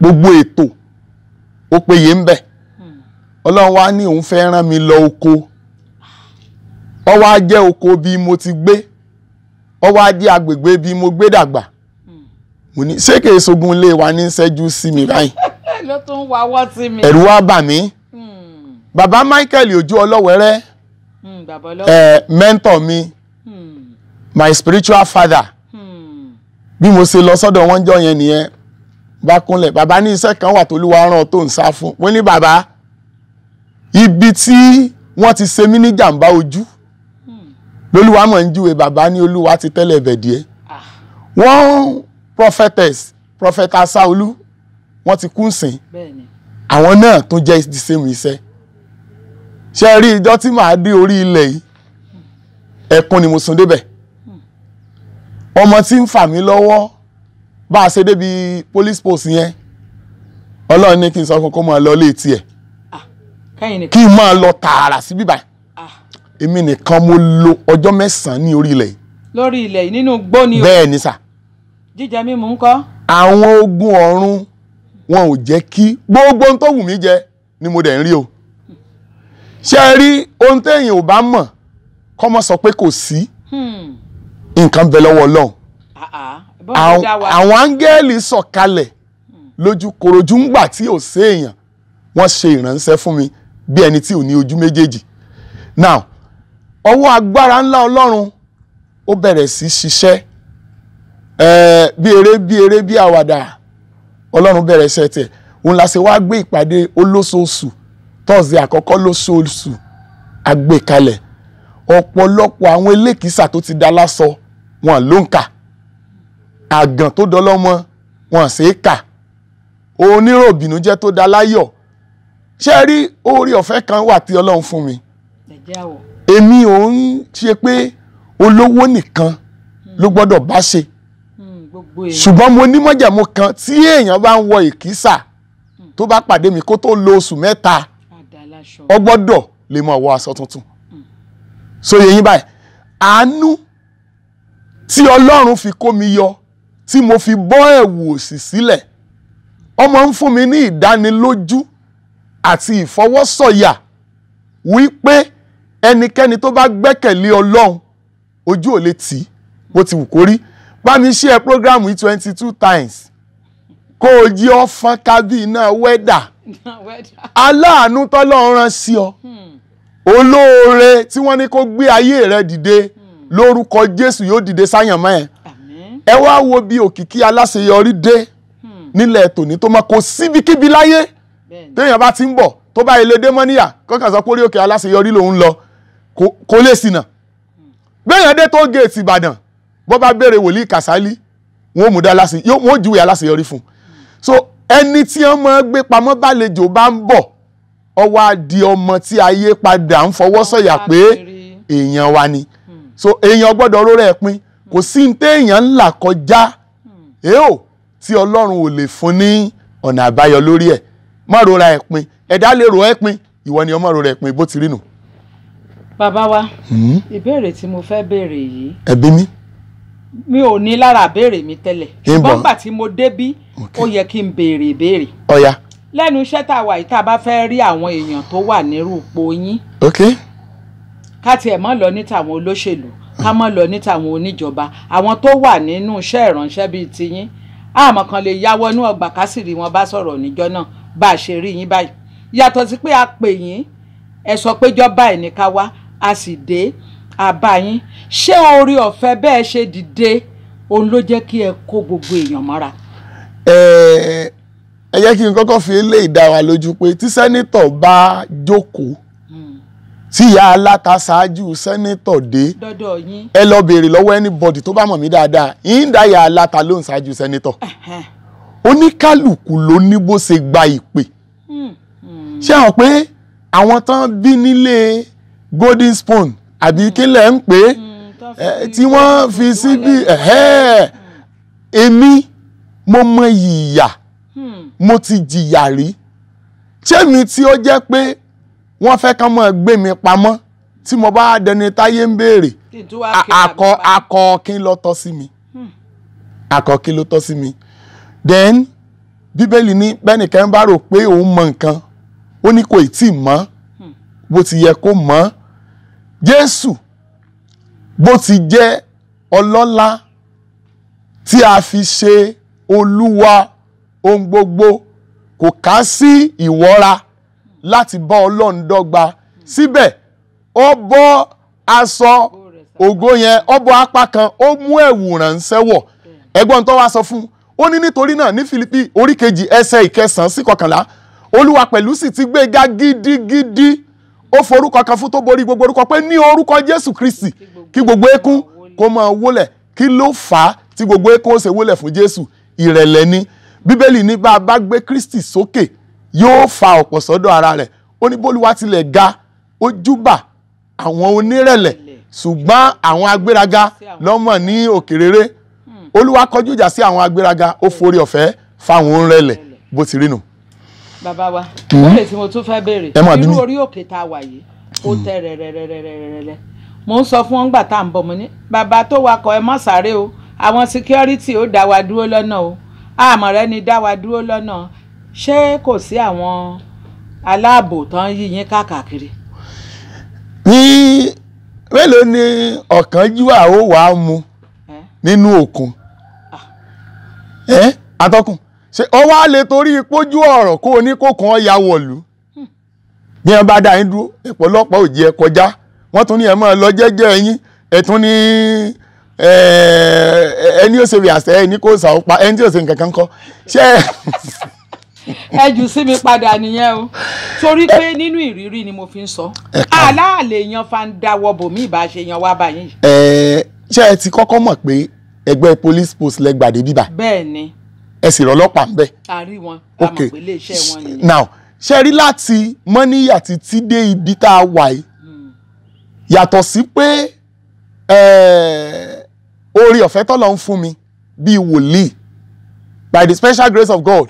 gbogbo ètò ó péye ń bẹ̀ ọlọ́run wá ní òun fẹ́ rán mi lọ oko ó wá jẹ́ oko bí mo ti gbé ó wá jẹ́ agbègbè bí mo gbé dàgbà ṣé kèé sogun ilé wa ní ṣẹ́jú sí mi báyìí ló tún wá wọ́ sí mi ẹ̀rù wá bà mí hmm. bàbá Michael ojú ọlọ́wẹ́rẹ́ hmm, ẹ̀ mentor mi hmm. my spiritual father bí mo ṣe lọ sọ́dọ̀ wọn jọ yẹn nìyẹn bá kúnlẹ̀ bàbá ní iṣẹ́ kan wà tó lúwa rán tó ń sá fún mo ní bàbá ibi tí wọ́n ti ṣe mí ní jàǹbá ojú lolúwa mọ̀ ń júwe bàbá ní olúwa ti tẹ́lẹ̀ bẹ̀díẹ́ ah. wọ́n prophetess prophet asaolu wọ́n ti kún sìn àwọn náà tún jẹ́ the same iṣẹ́ ṣe rí ijọ́ tí màá dé orí ilẹ̀ yìí ẹ̀kún ni mo sùn débẹ̀ ọmọ tí ń fà mí lọ́wọ́ bá a ṣe débi police post yẹn ọlọ́run ní kí n sọ fún kó máa lọ lé tiẹ̀ kí n máa lọ tààrà sí bíbá ah. èmi nìkan mo lo ọjọ́ mẹ́sàn-án ní orí ilẹ̀ yìí. lórí ilẹ̀ yìí nínú igbó ni o. bẹ́ẹ̀ ni sà. jíjẹ mímu ńkọ́. àwọn ogun ọ̀run wọn ò jẹ́ kí gbogbo ohun tó wù mí jẹ ni mo dẹ̀ ń rí o. ṣé ẹ rí ohun téèyàn ò bá mọ̀ kọ́mọ sọ pé kò sí hmm. nǹkan bẹ lọ́wọ́ ọlọ́run ah, ah. àwọn áńgẹ́ẹ̀lì sọ̀kalẹ̀ hmm. lójú korojú ńgbà tí ò séèyàn wọ́n ṣe ìránṣẹ́ fún mi bí ẹni tí ò ní ojú méjèèjì now ọwọ́ agbára ńlá ọlọ́run ó bẹ̀rẹ̀ sí ṣiṣẹ́ ẹ̀ẹ́ bí eré bí eré bí àwàdà ọlọ́run bẹ̀rẹ̀ ṣẹ́ tiẹ̀ òun la ṣe wá gbé ìpàdé olóṣooṣù tọ́sídẹ̀ẹ́ àkọ́kọ́ lóṣooṣù àgbékalẹ̀ ọ̀pọ̀lọpọ̀ àwọn elékìísà tó ti da lásọ wọn ló ń kà àgàn tó dọlọ́mọ wọn ṣe é kà oníròbìnújẹ́ tó da láyọ̀ ṣe rí oore ọ̀fẹ́ kan wà tí ọlọ́run fún mi èmi ò ń ṣe pé olówó nìkan hmm. ló gbọ́dọ̀ bá ṣe hmm, ṣùgbọ́n mo ní májẹ̀mú kan tí èèyàn bá ń wọ ìkísà hmm. tó bá pàdé mi kó tó lo oṣù mẹ́ta ó lè máa wọ aṣọ tuntun so yẹyin báyìí àánú tí ọlọ́run fi kó mi yọ tí mo fi bọ́ ẹ̀wù òṣì sílẹ̀ ọmọ ń fún mi ní ìdánilójú àti ìfọwọ́sọ̀yà wípé ẹnikẹ́ni tó bá gbẹ́kẹ̀lé ọlọ́run ojú ò lè tì í bó ti wù kó rí bá mi ṣe ẹ programu yìí twenty two times kó o jí ọ fọn kábí iná wẹ́dà aláàánú tọ́lọ́run rán sí ọ hmm. olóore tí wọ́n ní kó gbé ayé rẹ dìde hmm. lórúkọ Jésù yóò dìde sáyànmọ́ ẹ ẹ wá wo bí òkìkí aláṣeyọrí dé hmm. nílẹ̀ tòní tó máa kó síbikíbi láyé téèyàn bá ti ń bọ̀ tó bá ilé dé mọ́níyà kọ́kàn sọ pé orí òkè aláṣeyọrí lòun lọ kó lè ṣìnà hmm. béèyàn dé tó géètì ìbàdàn bó bá béèrè wòlíì kàsálí wọn ò mú dá wọn ò júwe aláṣeyọrí fún un so ẹni tí wọn máa gbé pamọ́ bálejò bá ń bọ̀ ọwọ́ adi ọmọ tí ayé padà ń fọwọ́ sọ̀yà pé èèyàn wa ni hmm. so èèyàn gbọ́dọ̀ rórẹ́ pin kò sí ní téèyàn ń là kọjá hmm. èèyàn tí ọlọ́run ò lè fún ní ọ̀nà àbáyọ lórí ẹ̀ má rora ẹ̀ pin ẹ̀dá lè ro ẹ̀ pin ìwọ ni ọmọ rora ẹ̀ pin ti rí nù. bàbá wa hmm? ìbéèrè tí mo fẹ́ béèrè yìí. ẹbí mi. mi ò ní lára béèrè mi tẹ́lẹ̀ ṣùgbọ́n gbà tí mo débí ó yẹ kí n béèrè ìbéèrè. ọ̀ya. lẹ́nu iṣẹ́ tá a wà yìí tá a bá fẹ́ rí wa èèyàn tó wà nírú ipò yín. ok. ká tiẹ̀ mọ́ lọ ní tàwọn olóṣèlú ká mọ́ lọ ní tàwọn oníjọba àwọn tó wà nínú iṣẹ́ ìránṣẹ́ bíi tiyín àmọ́ kan lè yáwọ́ ní ọgbà ká sì rí wọn bá sọ̀rọ̀ níjọ́ náà bá a ṣe rí yín báyìí yàtọ̀ sí pé a pè yín ẹ sọ pé jọba ẹ̀ ní ká wá a sì dé àbá yín ṣé orí ọ̀fẹ́ bẹ́ẹ̀ ṣe dìde òun ló jẹ́ kí ẹ kó gbogbo èèyàn mọ́ra. ẹ jẹ́ kí n kọ́kọ́ fi eléyìí dá wa lójú pé tí sẹ́nítọ̀ bá jókòó hmm. tí ìyá aláta ṣáájú sẹ́nítọ̀ dé ẹ lọ béèrè lọ́wọ́ anybody tó bá mọ̀ mí dáadáa yín dá ìyá aláta lóhùn ṣáájú sẹ́nítọ̀ oníkálùkù ló ní bó ṣe gba ìpè ṣé àwọn pé àwọn tán bí nílé golden spoon àbí kílẹ̀ ń pè é tí wọ́n fi síbi èmi mo mọ ìyà mo ti jìyà rí ṣémi tí ó jẹ́ pé wọ́n fẹ́ kán mọ́ gbé mi pamọ́ tí mo bá dẹni táyé ń béèrè akọ akọ kí ló tọ́ sí mi akọ kí ló tọ́ sí mi then bíbélì ní bẹ́nìkan bá rò pé òun mọ nǹkan ó ní kò tí ì mọ̀ bó ti yẹ kó mọ̀ Jésù bó ti jẹ́ ọlọ́lá tí a fi ṣe olúwa ohun gbogbo kò ká sí ìwọ́ra láti bá ọlọ́run dọ́gba síbẹ̀ ó bọ́ aṣọ ògo yẹn ó bọ́ apá kan ó mú ẹ̀wù ránṣẹ́ wọ̀ ẹ̀gbọ́n tó wá sọ fún un ó ní nítorí náà ní Fílípì orí kejì ẹsẹ̀ ìkẹsàn-án sí kọkànlá olúwa pẹ̀lú sì ti gbéga gidigidi ó forúkọ kan fún tó borí gbogbo orúkọ pé ní orúkọ Jésù Kristi kí gbogbo eékún kó máa wólẹ̀ kí ló fà á tí gbogbo eékún ó ṣe wólẹ̀ fún Jésù ìrẹ̀lẹ̀ ni bíbélì ní bá a bá gbé Kristi sókè yóò fa ọ̀pọ̀ sọ́dọ̀ ara rẹ̀ ó ní bólúwa tilẹ̀ ga ó àwọn onírẹ̀lẹ̀ ṣùgbọ́n àwọn agbéraga lọ́mọ ní òkèrèrè olúwa kọjú ìjà sí àwọn agbéraga ó forí ọ̀fẹ́ fáwọn òǹrẹ̀lẹ̀ bó ti rí nù. bàbá wa ó hmm? lè tí mo tún fẹ́ béèrè irú orí òkè tá a wà yìí ó hmm. tẹ rẹ̀rẹ̀rẹ̀rẹ̀rẹ̀rẹ̀ mo ń sọ fún wọn gbà tá à ń bọ̀ mo ní bàbá tó wakọ̀ ẹ má sáré o àwọn security ó dá wa dúró lọ́nà o àmọ̀ rẹ ni dá wa dúró lọ́nà ṣé kò sí àwọn aláàbò tó ń yí yín káàkiri. ní mélòó ni ọ̀kánjúwà ó wàá mu nínú òkun ẹ eh? eh? atọ́kùn ṣe ọ wá lè torí pójú ọ̀rọ̀ kó o ní kó kàn ọ́ ya wọ̀lú hmm. bí wọn bá dá yín dúró ìpọ̀lọpọ̀ òjì ẹ kọjá wọ́n tún ní ẹ máa lọ jẹ́jẹ́ yín ẹ tún ní eh, ẹni ó ṣe rí àṣẹ ẹni kó sàó pa ẹni tí ò ṣe nǹkan kan kọ ṣé. ẹ jù sí mi padà nìyẹn o torí pé nínú ìrírí ni mo fi ń sọ aláàlè yan fa ń dáwọ́ bò mí yan wá báyìí. ṣé ẹ ti kọ́kọ́ mọ̀ pé ẹgbẹ́ police post lẹ́gbàdé bíbà. bẹ́ẹ̀ni. ẹ sì rọlọ́pàá ń bẹ̀. àrí wọn a mọ̀ pé ilé iṣẹ́ wọn nìyẹn. now ṣe rí láti mọ́níyì àti tídé ibi tá a wà yìí hmm. yàtọ̀ sí pé oore ọ̀fẹ́ tọ́lọ̀ ń fún mi bíi wòlíì by the special grace of God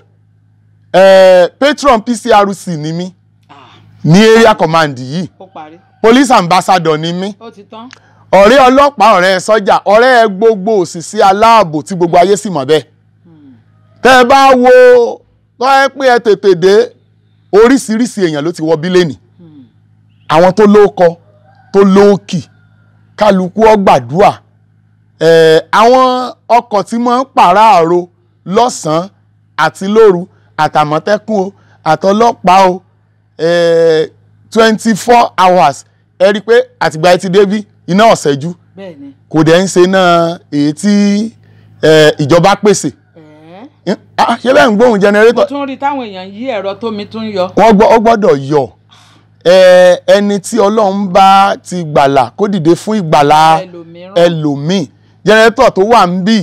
uh, patron PCRC ni mí ah. ní area command yìí police ambassador ni mí ọ̀rẹ́ ọlọ́pàá ọ̀rẹ́ sọ́jà ọ̀rẹ́ gbogbo òṣìṣẹ́ aláàbò tí gbogbo ayé sì mọ̀ bẹ́ẹ̀ tẹ́ ẹ bá wo tọ́ ẹ pé ẹ tètè dé oríṣiríṣi èèyàn ló ti wọ bílẹ̀nì àwọn tó lóókọ tó lóókì kálukú ọgbàdúà ẹ̀ àwọn ọkọ̀ tí máa ń pàráàrò lọ́sàn-án àti lóru àtàmọ̀tẹ́kùn o àtọlọ́pàá o twenty four hours ẹ rí i pé àtìgbà ẹ ti dé bí iná ọ̀sẹ̀jú kò dẹ̀ ń ṣe náà èyí tí ìjọba pèsè ah, ṣé bẹ́ẹ̀ ń gbóhùn jẹnẹrétọ̀. mo tún rí táwọn èèyàn yí ẹ̀rọ tómi tún yọ. wọ́n gbọ́dọ̀ yọ ẹni tí ọlọ́run bá ti gbàlà kó dìde fún ìgbàlà ẹlòmíì jẹnẹrétọ̀ tó wà ń bì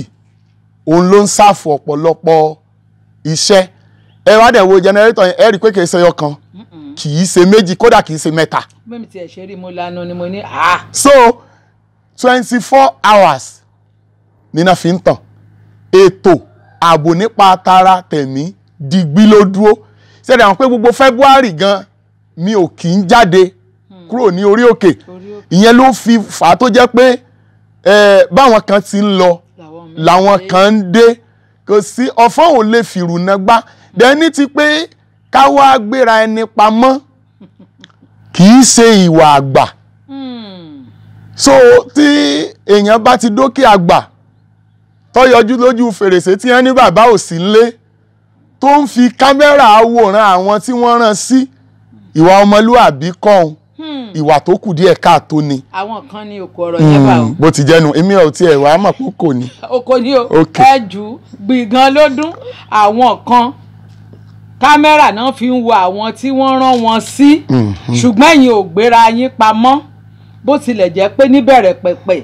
òun ló ń ṣàfù ọ̀pọ̀lọpọ̀ iṣẹ́ ẹ wá dẹ̀ wo jẹnẹrétọ̀ yẹn ẹ rí i pé kì ṣe ọkàn kì í ṣe méjì kódà kì í ṣe mẹ́ta. bẹ́ẹ̀ni tí ẹ rí mo lanu ni mo ní. Ah. so twenty four hours nínà fi ń tàn ètò ààbò nípa tara tẹ̀mí digbí ló dúró ṣẹ̀dá àwọn pé gbogbo February gan mi ò kì í jáde hmm. kúrò ní orí òkè ìyẹn ló fi fà á tó jẹ́ pé báwọn kan ti ń lọ làwọn kan ń dé kò sí ọ̀fọ́n ò lè fìrùnà gbá hmm. dẹ́ni ti pé ká wá gbéra ẹni pamọ́ kì í ṣe ìwà àgbà so tí èèyàn bá ti dókè àgbà tó yọjú lójú fèrèsé tí wọ́n ní bàbá ò sí nílé tó ń fi kámẹ́rà àwòrán àwọn tí wọ́n rán sí ìwà ọmọlúàbí kọ́hún ìwà tó kù díẹ̀ káàtó ni. àwọn kan ní oko ọ̀rọ̀ yẹn hmm, bá o. bó ti jẹnu èmi ò tiẹ̀ wá mọ̀ pé oko ni. oko ni o ẹ jù gbìngàn ló àwọn kan kámẹ́rà náà fi ń wo àwọn tí wọ́n rán wọn sí mhm. ṣùgbọ́n ẹ̀yin ò gbéra yín pamọ́ bó tilẹ̀ jẹ́ pé níbẹ̀rẹ̀ pẹ̀pẹ̀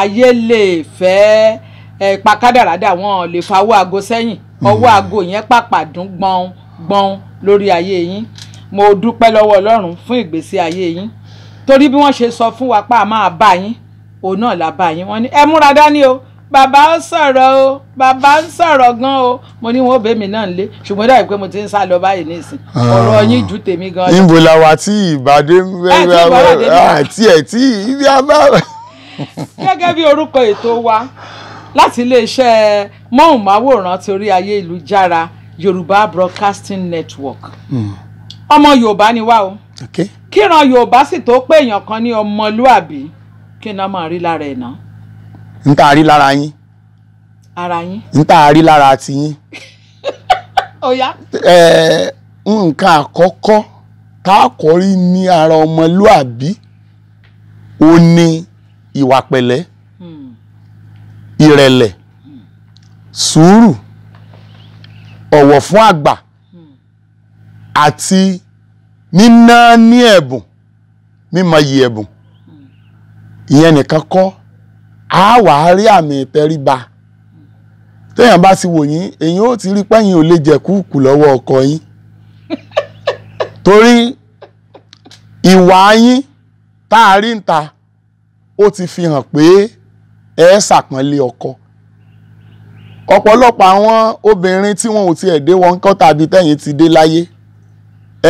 ayé lè fẹ́ ẹ pakádàrádà wọn lè fawọ́ aago sẹ́yìn ọwọ́ aago mhm. yẹn pàpà dún gbọ̀n gbọ̀n lórí ayé yín mo dúpẹ́ lọ́wọ́ Ọlọ́run fún ìgbésí ayé yín torí bí wọ́n ṣe sọ fún wa pa máa bá yín òun náà là bá yín wọ́n ní ẹ múra dání o bàbá ń sọ̀rọ̀ o bàbá ń sọ̀rọ̀ gan o mo ní wọn bẹ́ẹ̀ mi náà lé ṣùgbọ́n dàbí pé mo ti ń sá lọ báyìí nísìn ọ̀rọ̀ ah. yín ju tèmi gan. níbo la wà tí ìbàdé àti ẹ̀ ah, tí ibi abá. gẹ́gẹ́ bí orúkọ ètò wa láti iléeṣẹ́ mọ́hùnmáwòrán torí ayélujára yorùbá broadcasting network hmm. ọmọ yorùbá ni wá o kíran yorùbá sì tó pé èèyàn kan ní ọmọlúàbí kí n náà máa rí lára ẹ̀ náà n tá a rí lára yín ara yín n tá a rí lára ti yín ọ̀yá ẹ nǹkan àkọ́kọ́ tá a kọ́ rí ní ara ọmọlúàbí ó ní ìwà pẹ̀lẹ́ hmm. ìrẹ̀lẹ̀ sùúrù ọ̀wọ̀ fún àgbà hmm. àti níná ní ẹ̀bùn mímọyì ẹ̀bùn hmm. ìyẹn nìkan kọ́ A wà á rí àmì ìtẹríba téèyàn bá sì wò yín èyàn ó ti rí pẹ́yìn ò lè jẹ kúùkù lọ́wọ́ ọkọ yín torí ìwà yín tá a rí níta ó ti fi hàn pé ẹ ṣàpọ́nlé ọkọ ọ̀pọ̀lọpọ̀ àwọn obìnrin tí wọn ò tiẹ̀ dé wọn kọ́ tàbí tẹ̀yìn ti dé láyé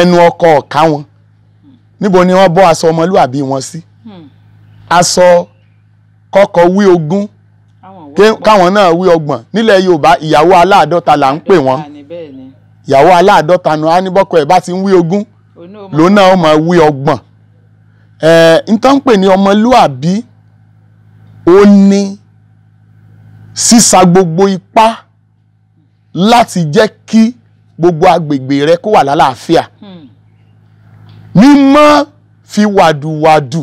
ẹnu ọkọ ọ̀ka wọn níbo ni wọ́n bọ́ aṣọ ọmọlúwàbí wọn sí hmm. aṣọ kọ́kọ́ wí ogún káwọn náà wí ọgbọ̀n nílẹ̀ Yorùbá ìyàwó aláàdọ́ta là ń pè wọ́n ìyàwó aláàdọ́ta nu anibọ́kọ ẹ̀ bá ti ń wí ogún lòun náà ó máa wí ọgbọ̀n eh, n tó ń pè ní ọmọlúàbí ó ní sísa gbogbo ipá láti jẹ́ kí gbogbo agbègbè rẹ kó wà lálàáfíà hmm. mímọ́ fi wàdùwàdù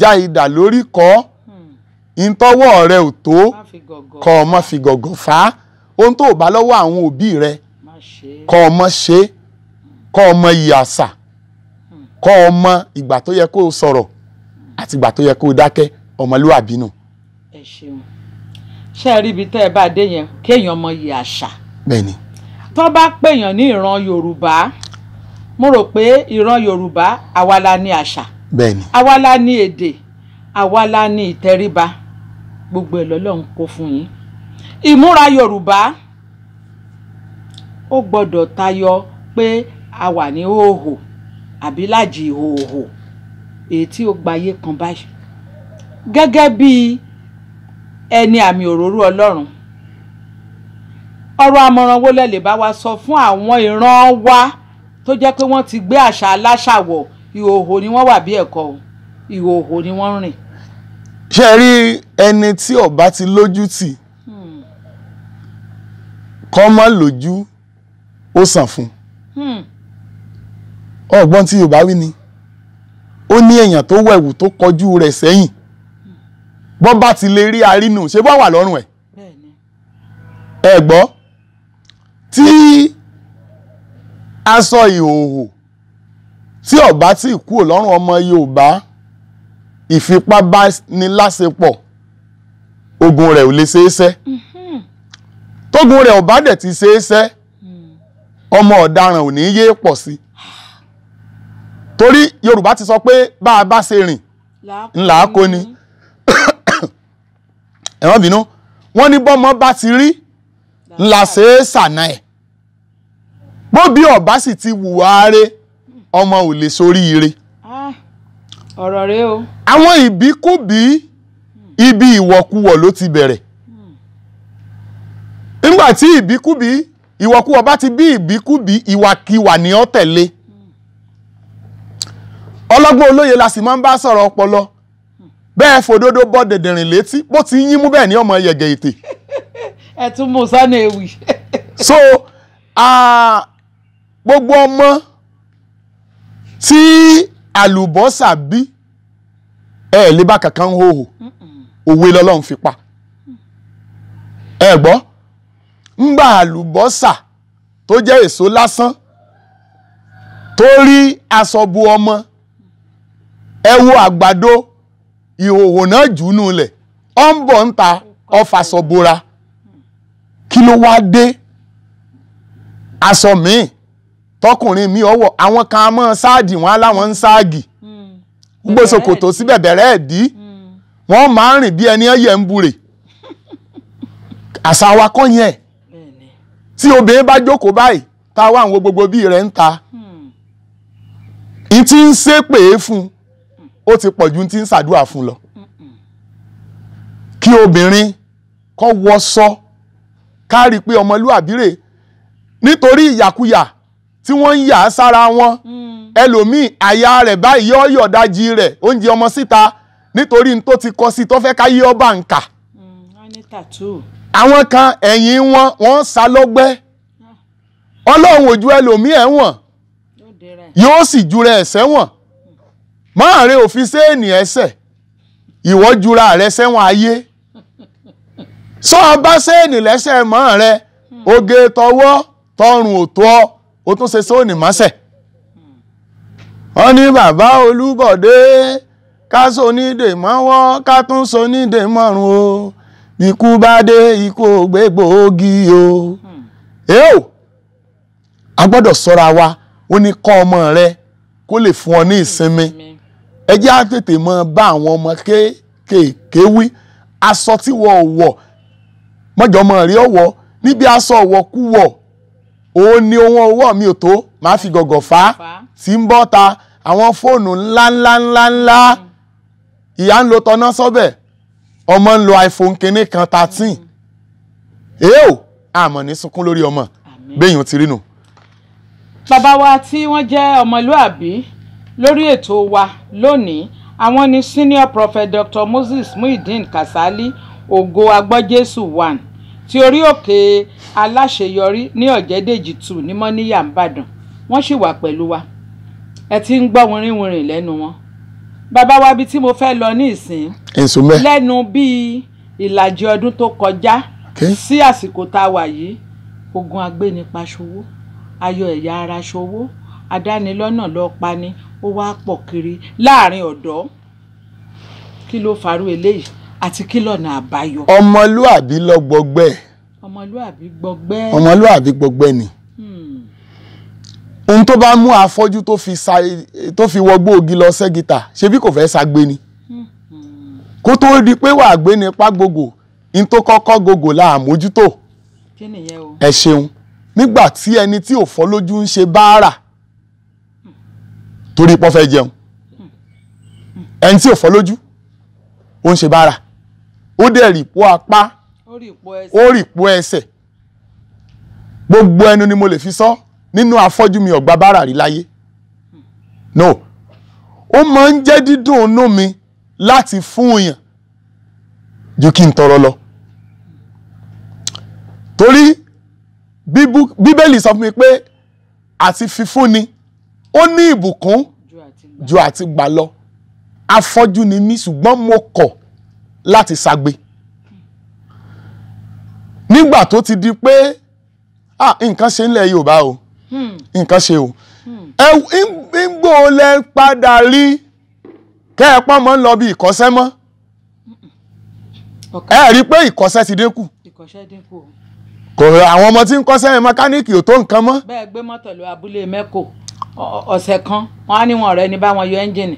já idà lórí kọ́ ìtọ́wọ́ rẹ ò tó kọ́ ọ mọ́ fi gọ̀gọ̀ fà á ohun tó bá lọ́wọ́ àwọn òbí rẹ kọ́ ọ mọ́ ṣe kọ́ ọ mọ iyì àṣà hmm. kọ́ ọ mọ ìgbà tó yẹ kó o sọ̀rọ̀ àti ìgbà tó yẹ kó o dákẹ́ ọmọlúwàbí nù. ẹ ṣeun ṣe rí ibi tẹ́ ẹ bá dé yẹn kéèyàn mọ iyì àṣà. bẹ́ẹ̀ni. tó bá pèèyàn ní ìran yorùbá mo rò pé ìran yorùbá àwa la ní àṣà. bẹ́ẹ̀ni. àwa la ní èdè àwa la ní ìtẹríba gbogbo ẹ̀ lọ́lọ́run kó fún yín ìmúra yorùbá ó gbọ́dọ̀ tayọ pé a wà ní hòhò àbí lájì hòhò èyí tí ó gbayé kan báyìí gẹ́gẹ́ bí ẹni àmì òróró ọlọ́run ọ̀rọ̀ àmọ̀ràn lè bá wa sọ fún àwọn ìran wa tó jẹ́ pé wọ́n ti gbé àṣà aláṣà ìhòhò ni wọ́n wà bí ẹ̀kọ́ ìhòhò ni wọ́n rìn ṣe rí ẹni tí ọba ti lójú tì kọ́ mọ́ lójú ó sàn fún hmm. ọgbọ́n tí Yorùbá wí ni ó ní èèyàn tó wẹ̀wù tó kọjú rẹ̀ sẹ́yìn bọ́ bá ti lè rí arínú ṣé bọ́ wà lọ́rùn ẹ̀ ẹ gbọ́ tí aṣọ ìhòòhò tí ọba ti kúrò lọ́rùn ọmọ Yorùbá. ìfipábániláṣepọ̀ ogun rẹ̀ ò lè ṣeéṣẹ́ tógun rẹ̀ ọba dẹ̀ ti ṣeéṣẹ́ ọmọ ọ̀daràn ò ní yé pọ̀ sí torí Yorùbá ti sọ pé bá a bá ṣe rìn ńlá kó ni ẹ̀wọ́n bínú wọ́n ní bọ́mọ bá ti rí ńlá ṣe é ṣàna ẹ̀ bóbi ọ̀bá sì ti wùwá re ọmọ ò lè ọ̀rọ̀ rẹ o. àwọn ìbíkúbí ibi ìwọ̀kuwọ̀ ló ti bẹ̀rẹ̀ nígbà tí ìbíkúbí ìwọ̀kuwọ̀ bá ti bí ìbíkúbí ìwàkiwà ni ó tẹ̀lé ọlọ́gbọ́n olóye la sì máa ń bá sọ̀rọ̀ ọpọlọ bẹ́ẹ̀ fòdodo bọ́ dẹ̀dẹ̀rìn létí bó ti yín mú bẹ́ẹ̀ ni ọmọ yẹ̀gẹ̀ ètè. ẹ tún mú sọ́nà ewì. so ah, gbogbo ọmọ tí àlùbọ́sà bí ẹ lè bá kankan hóhò òwe lọ́lọ́run fi pa ẹ gbọ́ ńgbà àlùbọ́sà tó jẹ́ èso lásán tó rí aṣọ bu ọmọ ẹ wo àgbàdo ìhòhò náà jù ú nulẹ̀ ọ ń bọ̀ ń ta ọfà sọ kí ló wá dé aṣọ míì tọkùnrin mi ọwọ́ àwọn kan á mọ́ ṣáàdì wọn aláwọn ń ṣáàgì hmm. gbogbo ṣòkòtò sí bẹ̀bẹ̀rẹ̀ ẹ̀dí hmm. wọ́n máa ń rìn bí ẹni ẹ̀yẹ ń bure àṣà wa kọ́ yẹn tí obìnrin bá jókòó báyìí tá a wá àwọn gbogbo bí rẹ̀ ń ta hmm. n ti ń ṣépè é fún ó ti pọ̀ ju n ti ń ṣàdúrà fún lọ kí obìnrin kọ́ wọṣọ ká rí i pé ọmọlúwàbí rẹ̀ nítorí ìyàkuyà tí wọ́n ń yà á sára wọn hmm. ẹlòmíì àyà rẹ̀ báyìí ọ̀yọ̀ dájí rẹ̀ oúnjẹ ọmọ síta nítorí n tó ti kọ sí tó fẹ́ ká yí ọba nkà. Hmm, àwọn kan ẹ̀yìn wọn wọ́n sá lọ́gbẹ́ ọlọ́run ojú ẹlòmíì ẹ̀wọ̀n yóò sì jura ẹ̀sẹ̀ wọ̀n máàrin òfin séènì ẹsẹ̀ ìwọ jura rẹ sẹ́wọ̀n ayé sọ ọba séènì lẹ́sẹ̀ mọ́ rẹ hmm. oge tọwọ́ tọrùn òtọ́ ó tún ṣe sóòní mọ́sẹ̀ wọ́n ní bàbá olúbọ̀dé ká sonídè mọ́wọ́ ká tún sonídè mọ́rùn o ikú bá dé ikú ògbé gbòógì o hmm. èèwò a gbọ́dọ̀ sọ́ra wa ó ní kọ́ ọmọ rẹ kó lè fún ọ ní hmm, ìsinmi ẹ jẹ́ á tètè mọ bá àwọn ọmọ kéékèèké wí aṣọ tí wọ́n wọ̀ mọ́jọ́mọ́ rí ọ̀wọ́ níbi aṣọ ọ̀wọ́ kú wọ̀ ó ní ohun ọwọ́ mi ò tó màá fi gọ̀gọ̀ fà á tí ń bọ́ ta àwọn fóònù ńláńlá ńláńlá hmm. ìyá ń lo tọ́ná sọ́bẹ̀ ọmọ ń lo iPhone kínní kan thirteen hmm. èé o àmọ̀ ní sunkún lórí ọmọ béèyàn ti rí nù. bàbá wa tí wọ́n jẹ́ ọmọlúàbí lórí ètò wa lónìí àwọn ni senior prophet Dr. Moses Muideen Kasali ògo agbọ́jésù one ti orí òkè aláṣeyọrí ní ọ̀jẹ̀dèjì tù ní mọ́níyà ńbàdàn wọ́n sì wà pẹ̀lú wa ẹ ti ń gbọ́ wìrìwìrì lẹ́nu wọn bàbá wa bíi tí mo fẹ́ lọ ní ìsìn lẹ́nu bíi ìlàjì ọdún tó kọjá sí àsìkò tá a wà yìí ogun agbénipa ṣòwò ayọ̀ ẹ̀yà ara ṣòwò adánilọ́nà lọ́ọ́ pani ó wá pọ̀ kiri láàrin ọ̀dọ́ kí ló farú eléyìí àti kí lọ́nà àbáyọ. ọmọlúàbí lọ gbọgbẹ́. ọmọlúàbí gbọgbẹ́. ọmọlúàbí gbọgbẹ́ ni. Hmm. ohun tó bá mú afọ́jú tó fi wọgbó ògì lọ sẹ́gìtà ṣebí kò fẹ́ ṣagbe ni. Hmm. kó tó di pé wàá gbé nípa gbogbo n tó kọ́kọ́ gbogbo la àmójútó. kí nìyẹn o. ẹ ṣeun nígbà tí ẹni tí ò fọ́ lójú ń ṣe báárà torí pọ́ fẹ́ jẹun hmm. ẹni tí ò fọ́ lójú ó ń ṣe báárà ó dẹ̀ rìpó apá ó rìpó ẹsẹ̀ gbogbo ẹnu ni mo lè fi sọ nínú afọ́jú mi ọ̀gbá bára rí láyé no ó máa ń jẹ́ dídùn inú mi láti fún èèyàn ju kí n tọrọ lọ torí bíbélì sọ fún mi pé àti fífúnni ó ní ìbùkún ju àti gbà lọ afọ́jú ni mí ṣùgbọ́n mo kọ̀ láti ṣagbe nígbà tó ti di pé ah nǹkan ṣe ńlẹ̀ Yorùbá o hmm. nǹkan ṣe o hmm. ẹ gbò lẹ padà rí kẹ́ ẹ pọ́n mọ́ ń lọ bí ìkọ́ṣẹ́ mọ́ ẹ rí i pé ìkọ́ṣẹ́ ti dínkù kò àwọn ọmọ tí ń kọ́ṣẹ́ mẹkáníìkì ò tó nǹkan mọ́. bẹ́ẹ̀ gbé mọ́tò lọ abúlé mẹ́kò ọ̀sẹ̀ kan wọ́n á níwọ̀n rẹ ní báwọn yọ ẹ́ńjìnì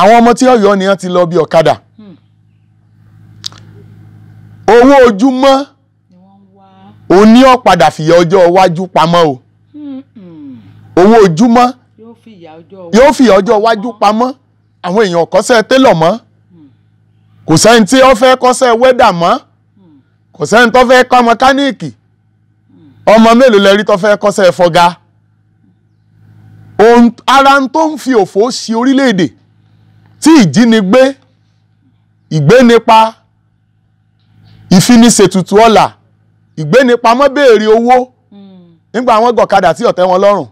àwọn ọmọ tí Ọ̀yọ́ ni wọ́n ti lọ bí ọ̀kadà owó ojúmọ́ òní ọ̀padà fìyà ọjọ́ iwájú pamọ́ o owó ojúmọ́ yóò fìyà ọjọ́ iwájú pamọ́ àwọn èèyàn kọ́ṣẹ́ télọ̀ mọ́ kò sẹ́ni tí ó fẹ́ kọ́ṣẹ́ wẹ́dà mọ́ kò sẹ́ni tó fẹ́ kọ́ mẹkáníìkì ọmọ mélòó lẹ́rí tó fẹ́ kọ́ṣẹ́ fọga ara tó ń fi òfò sí orílẹ̀ tí ìjínigbé ìgbénipa ìfiniṣètùtù ọ̀la ìgbénipamọ́ béèrè owó hmm. nígbà àwọn gọ̀kadà tí ọ̀tẹ́ wọn lọ́rùn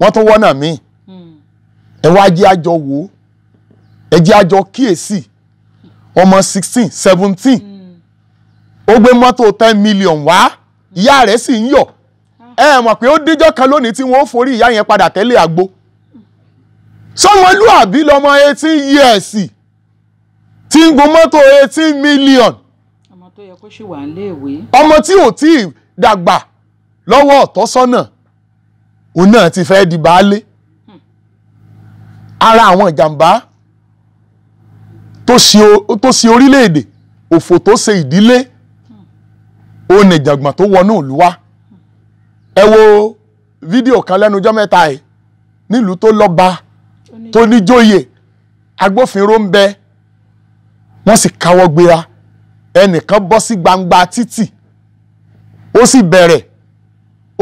wọ́n tún wọ́nà míì hmm. ẹ wá jẹ́ àjọ wò ó ẹ jẹ́ àjọ kíyèsí ọmọ sixteen seventeen hmm. ó gbé mọ́tò ten million wá ìyá rẹ̀ sì ń yọ̀ ah. ẹ mọ̀ pé ó díjọ́ kan lónìí tí wọ́n ó forí ìyá yẹn padà tẹ́lẹ̀ àgbo sọmọlúàbí lọmọ eighteen years tí ń gun mọ́tò eighteen million ọmọ tó yẹ kó ṣì wà níléèwé ọmọ tí ò tí ì dàgbà lọ́wọ́ ọ̀tọ́sọ́nà òun náà ti fẹ́ di baálé ara àwọn ìjàmbá tó ṣe orílẹ̀-èdè òfò tó ṣe ìdílé òun ni ìjàngbọ̀n tó wọnú ìlú wa ẹ wo fídíò kan lẹ́nujọ́ mẹ́ta ẹ̀ nílùú tó lọ́ba tó níjòyè agbófinró ń bẹ wọ́n sì káwọ́ gbéra ẹnìkan bọ́ sí gbangba títì ó sì bẹ̀rẹ̀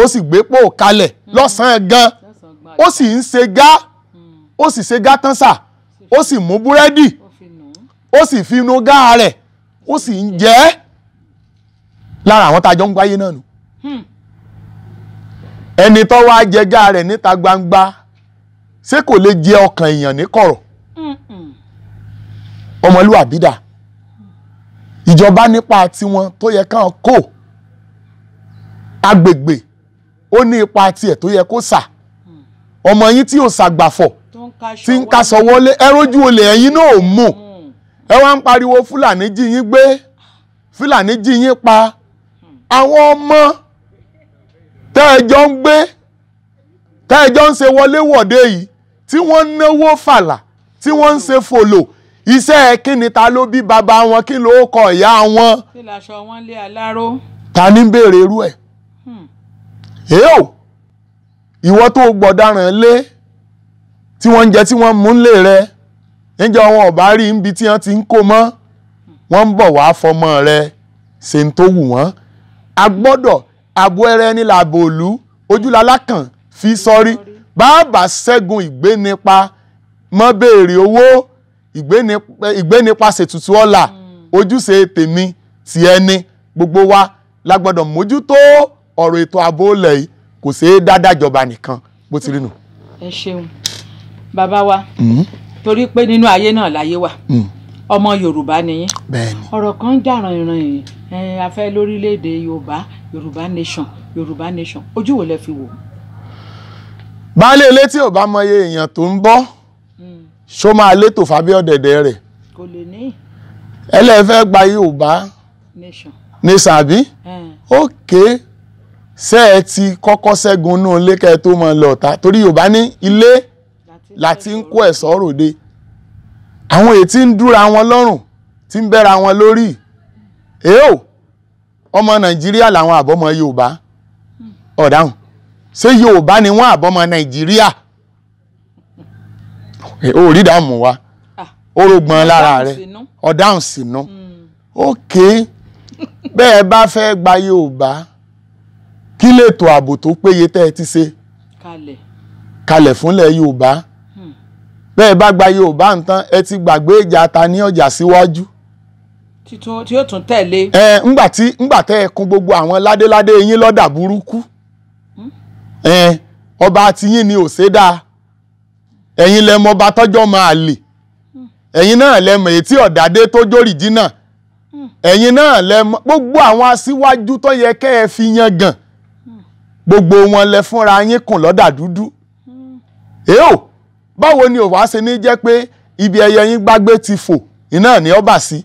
ó sì gbé pò kalẹ̀ hmm. lọ́sàn-án gan ó sì ń ṣe gá hmm. ó sì ṣe gá tán ó sì mú búrẹ́dì ó sì fi inú gá rẹ̀ ó sì ń jẹ ẹ́ lára àwọn tájọ ń gbáyé náà nù hmm. ẹni tó wá jẹ gá rẹ̀ níta gbangba ṣé kò lè jẹ ọkàn èèyàn ní kọ̀rọ̀ ọmọlúwàbí dà ìjọba nípa tiwọn tó yẹ kàn kó agbègbè ó ní ipa tiẹ̀ tó yẹ kó sà ọmọ yín tí ò ṣàgbàfọ̀ tí ń kaṣọ wọlé ẹ olè ẹ̀yin náà ò mú hmm. ẹ wá ń pariwo fúlàní jí yín gbé fúlàní jí yín pa àwọn ọmọ tẹ́ ẹ jọ ń gbé tẹ́ ẹ jọ ń ṣe wọléwọ̀de yìí tí wọ́n ń náwó fàlà tí wọ́n ń ṣe fòlò iṣẹ́ kíni ta ló bí bàbá wọn kí ló kọ ìyá wọn. kí làṣọ wọn lé aláró. ta ní béèrè irú ẹ̀. Hmm. èèwò ìwọ tó gbọ̀daràn lé tí wọ́n ń jẹ tí wọ́n mú lè rẹ níjọ wọn ò rí ibi tí wọ́n ti ń kó mọ́ wọ́n ń bọ̀ wá fọmọ rẹ ṣe ń tó wù wọ́n. a gbọ́dọ̀ àbọ̀ ẹrẹ ni làbò òlu ojúlá lákàn fi sọrí. Mm bàbá ṣẹ́gun ìgbénipa mọ́ béèrè owó ìgbénipa ṣètùtù ọ̀la hmm. ojúṣe tèmi ti ẹni gbogbo wa la gbọ́dọ̀ mójútó ọ̀rọ̀ ètò ààbò ilẹ̀ yìí kò ṣeé dáadáa jọba nìkan bó ti rí nù. ẹ ṣeun bàbá wa hmm. torí pé nínú ayé náà láyé wà hmm. ọmọ yorùbá nìyí ọ̀rọ̀ kan ń dàrán ìran yìí afẹ́ lórílẹ̀‐èdè yorùbá yorùbá nation yorùbá nation ojú wo lẹ fi wò ó baálé ilé tí ò bá mọye èèyàn tó ń bọ́ hmm. ṣó máa létò fábí ọ̀dẹ̀dẹ̀ rẹ̀ kò lè ní ẹlẹ́fẹ́ gba Yorùbá ní sàbí òkè hmm. ṣe ẹ ti kọ́kọ́ ṣẹ́gun inú ilé kẹ́ tó mọ lọ́ta torí Yorùbá ní ilé láti ń kó ẹ̀sọ́ ròde àwọn èyí tí ń dúra wọn lọ́rùn tí ń bẹ́ra wọn lórí èèó ọmọ Nàìjíríà làwọn àbọ̀mọ Yorùbá hmm. ọ̀dáhùn. ṣé Yorùbá ni wọ́n àbọ̀mọ Nàìjíríà ó rí dààmú wa ah. ó rògbọ̀n lára rẹ̀ ọ̀dáhùn sínú hmm. ok bẹ́ẹ̀ bá fẹ́ gba Yorùbá kí lètò ààbò tó péye tẹ́ ẹ ti ṣe kalẹ̀ fúnlẹ̀ Yorùbá hmm. bẹ́ẹ̀ bá gba Yorùbá nǹkan ẹ ti gbàgbé ìjà ta ní ọjà síwájú. tí yóò tún tẹ̀lé. ẹ ńgbà tí ńgbà tẹ́ ẹ kún gbogbo àwọn ládéládé yín lọ́dà burúkú. ẹ ọba àtìyìn ni ò ṣe dáa ẹ̀yin lẹ́mọ ọba tọ́jọ́ máa lè ẹ̀yin náà lẹ́mọ èyí tí ọ̀dàdé tó jórì jìnnà ẹ̀yin náà lẹ́mọ gbogbo àwọn aṣíwájú tó yẹ kẹ́ ẹ fi yan gàn gbogbo wọn lẹ fúnra yín kùn lọ́dà dúdú èèò báwo ni ò wá ṣe ní jẹ́ pé ibi ẹyẹ yín gbágbé ti fò iná ni ọba sí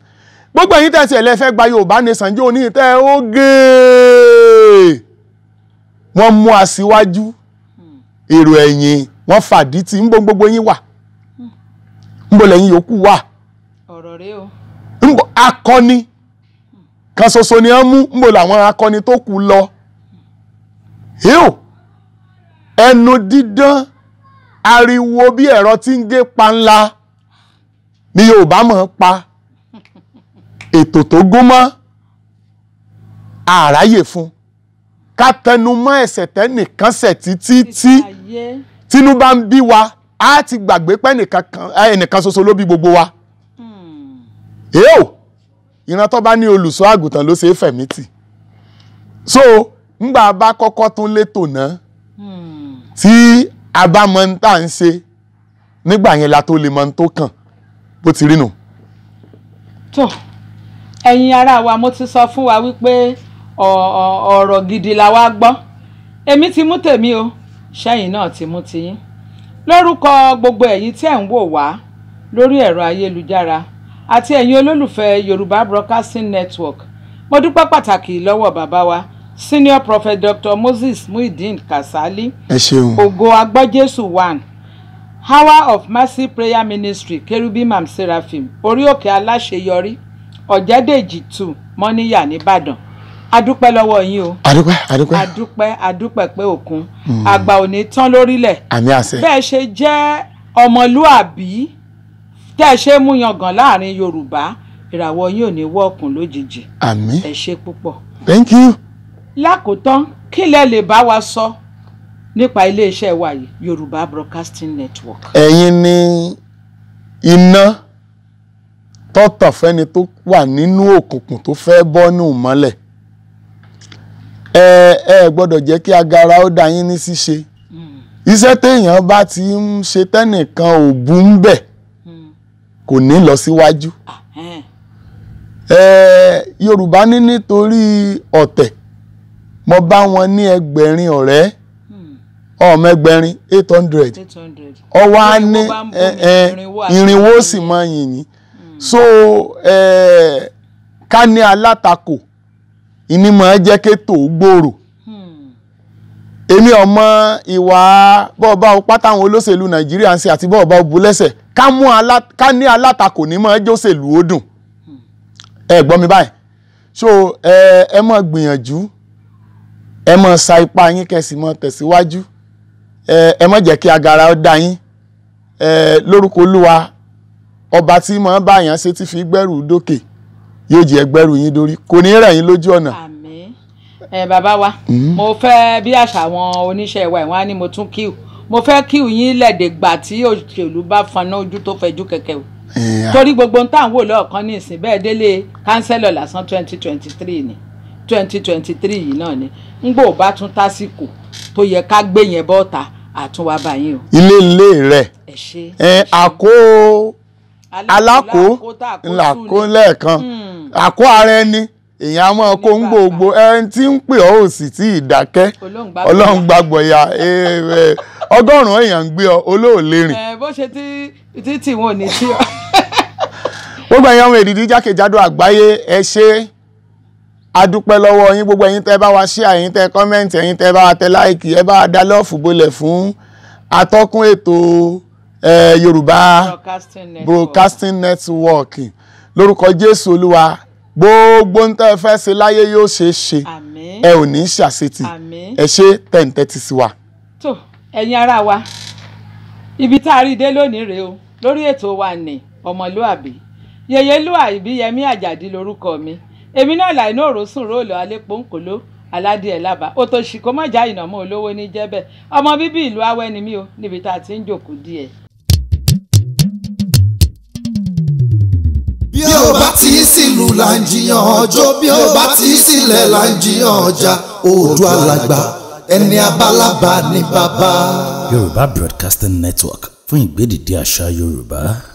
gbogbo ẹ̀yin tẹ̀sí ẹ̀ gba Yorùbá Nation jó ní tẹ́ wọ́n mú aṣíwájú èrò ẹ̀yìn wọ́n fàdí tí ń bó gbogbo yín wà ń bó lẹ́yìn yòókù wà. ń bó akọni kan ṣoṣo ni wọ́n mú ń bó làwọn akọni tó kù lọ. híò ẹnu dídán ariwo bí ẹ̀rọ tí ń gé panla ni Yorùbá mọ̀ ń pa ètò tó gómọ́ àráyè fún un ká tẹnumọ́ ẹ̀ṣẹ̀ tẹ́nìkan ṣẹ̀ títí tí tínú bá ń bí wa á ti gbàgbé pé ẹnìkan ṣoṣo ló bí gbogbo wa. Hmm. èèwò ìran tó bá ní olùṣọ́ àgùntàn ló ṣe é fẹ̀mí tì so ngbà bá kọ́kọ́ tún létò náà hmm. tí a bá mọ ní tá à ń ṣe nígbà yẹn la tó lè mọ ní tó kàn bó ti rí nù. tó ẹ̀yin ará wa mo ti sọ fún wa wípé ọ̀rọ̀ gidi la wá gbọ́ èmi ti mú tèmi o ṣẹ́yìn náà ti mú tiyín lórúkọ gbogbo ẹ̀yin tí ẹ̀ ń wò wá lórí ẹ̀rọ ayélujára àti ẹ̀yin olólùfẹ́ Yorùbá Broadcasting Network mo dúpẹ́ pàtàkì lọ́wọ́ bàbá wa senior prophet dr moses muhyiddin kasali ògo agbọ́jésù one hour of mercy prayer ministry kerubim and seraphim orí òkè aláṣeyọrí ọ̀jẹ̀dèjì two mọ́níyà nìbàdàn adúpẹ́ lọ́wọ́ yín o. adúpẹ́ adúpẹ́. adúpẹ́ adúpẹ́ pé òkun. Hmm. àgbà ò ní tán lórílẹ̀. àmì àṣẹ. bẹ́ẹ̀ ṣe jẹ́ ọmọlúàbí tẹ́ ẹ ṣe mú yangàn láàrin yorùbá ìràwọ̀ yín ò ní wọ́ọ̀kùn lójijì. àmì ẹ ṣe púpọ̀. thank you. lákòótán kí lẹ lè bá wa sọ nípa iléeṣẹ́ wa yìí yorùbá broadcasting network. ẹ̀yin ni iná tọ́tàn fẹ́ni tó wà nínú òkùnkùn tó fẹ́ bọ́ ní ìmọ́lẹ̀ ẹ ẹ gbọ́dọ̀ jẹ́ kí agara ó da yín ní ṣíṣe iṣẹ́ téèyàn bá ti ń ṣe tẹ́nìkan ò bú ń bẹ̀ kò ní lọ síwájú ẹ Yorùbá ní nítorí ọ̀tẹ̀ mo bá wọn ní ẹgbẹ̀rin ọ̀rẹ́ ọmọ ẹgbẹ̀rin eight hundred ọwọ́ á ní irinwó sì mọ yìnyín hmm. so ká ní alátakò. Eh, ìní máa jẹ́ kétò gbòòrò èmi ọmọ ìwà bọ́ọ̀bá opá táwọn olóṣèlú nàìjíríà ń ṣe àti bọ́ọ̀bá obu lẹ́sẹ̀ ká ní alátakò ní máa jóṣèlú ó dùn ẹ gbọ́ mi báyìí so ẹ ẹ mọ̀ gbìyànjú ẹ mọ̀ sa ipá yín kẹsì mọ̀ tẹ̀síwájú ẹ ẹ mọ̀ jẹ́ kí agara ó dá yín ẹ lórúkọ olúwa ọba tí mọ̀ báyàn ṣe ti fi gbẹ́rù dókè yóò jẹ́ ẹgbẹ́rù yín dórí kò ní rẹ̀ yín lójú ọ̀nà. ẹ bàbá wa hmm? mo fẹ́ bí àṣà àwọn oníṣẹ́ ìwà ìwọ̀n á ní mo tún kíw mo fẹ́ kíw yín lẹ́dẹ̀gbà tí òṣèlú bá faná ojú tó fẹjú kẹ̀kẹ́ o torí gbogbo ń tàn wò lọ́ọ̀kan ní ìsìn bẹ́ẹ̀ délé kánsẹ́lọ̀ lásán twenty twenty three ni twenty twenty three yìí náà ni ngbò bá tún tásìkò tó yẹ ká gbé yẹn bọ́ta àtúnwá báyìí o. ilé ilé rẹ ẹ àkó alákó ńlá kó lẹ́ẹ̀kan. Hmm àkó ara ẹni èèyàn á máa kó ń gbogbo ẹni tí ń pè ọ́ ò tí ì ọlọ́run gbàgbọ́ ya ọgọ́rùn-ún èèyàn ń gbé ọ olóòlè rìn. bó ṣe tí tí wọn ò ní tí ọ. gbogbo ẹ̀yin ọmọ èdìdí jákèjádò àgbáyé ẹ ṣe adúpẹ́ lọ́wọ́ yín gbogbo ẹ̀yin tẹ́ bá wa ṣíà ẹ̀yin tẹ́ kọ́mẹ́ǹtì ẹ̀yin tẹ́ bá wa tẹ láìkì ẹ bá dá lọ́ọ̀fù bolẹ̀ fún atọ́kùn ètò yorùbá Broadcasting network lórúkọ jésù olúwa gbogbo ń tẹ́ ẹ fẹ́ ṣe láyé yóò ṣe é ṣe ẹ ò ní í ṣàṣetì ẹ ṣe tẹ̀ǹtẹ̀tì sí wa. tó ẹ̀yin ará wa ibi tá a rí dé lónìí rèé o lórí ètò wa ní ọmọlúàbí yèyélúà ìbíyẹmí àjàdí lórúkọ mi èmi náà làìní òrosùn róòlù alépòǹkóló aládìẹ lába ó tó ṣì kó mọ̀já ìnàmú olówó ní jẹ́bẹ̀ ọmọ bíbí ìlú awẹ́ ni mí o níbi tá a ti ń jòkó díẹ̀ bí ó bá tí í sílù là ń jiyàn ọjọ́ bí ó bá tí í sílẹ̀ là ń jiyàn ọjà òòdù alàgbà ẹni abálábá ni bàbá. Yorùbá Broadcasting Network fún ìgbédìde àṣà Yorùbá.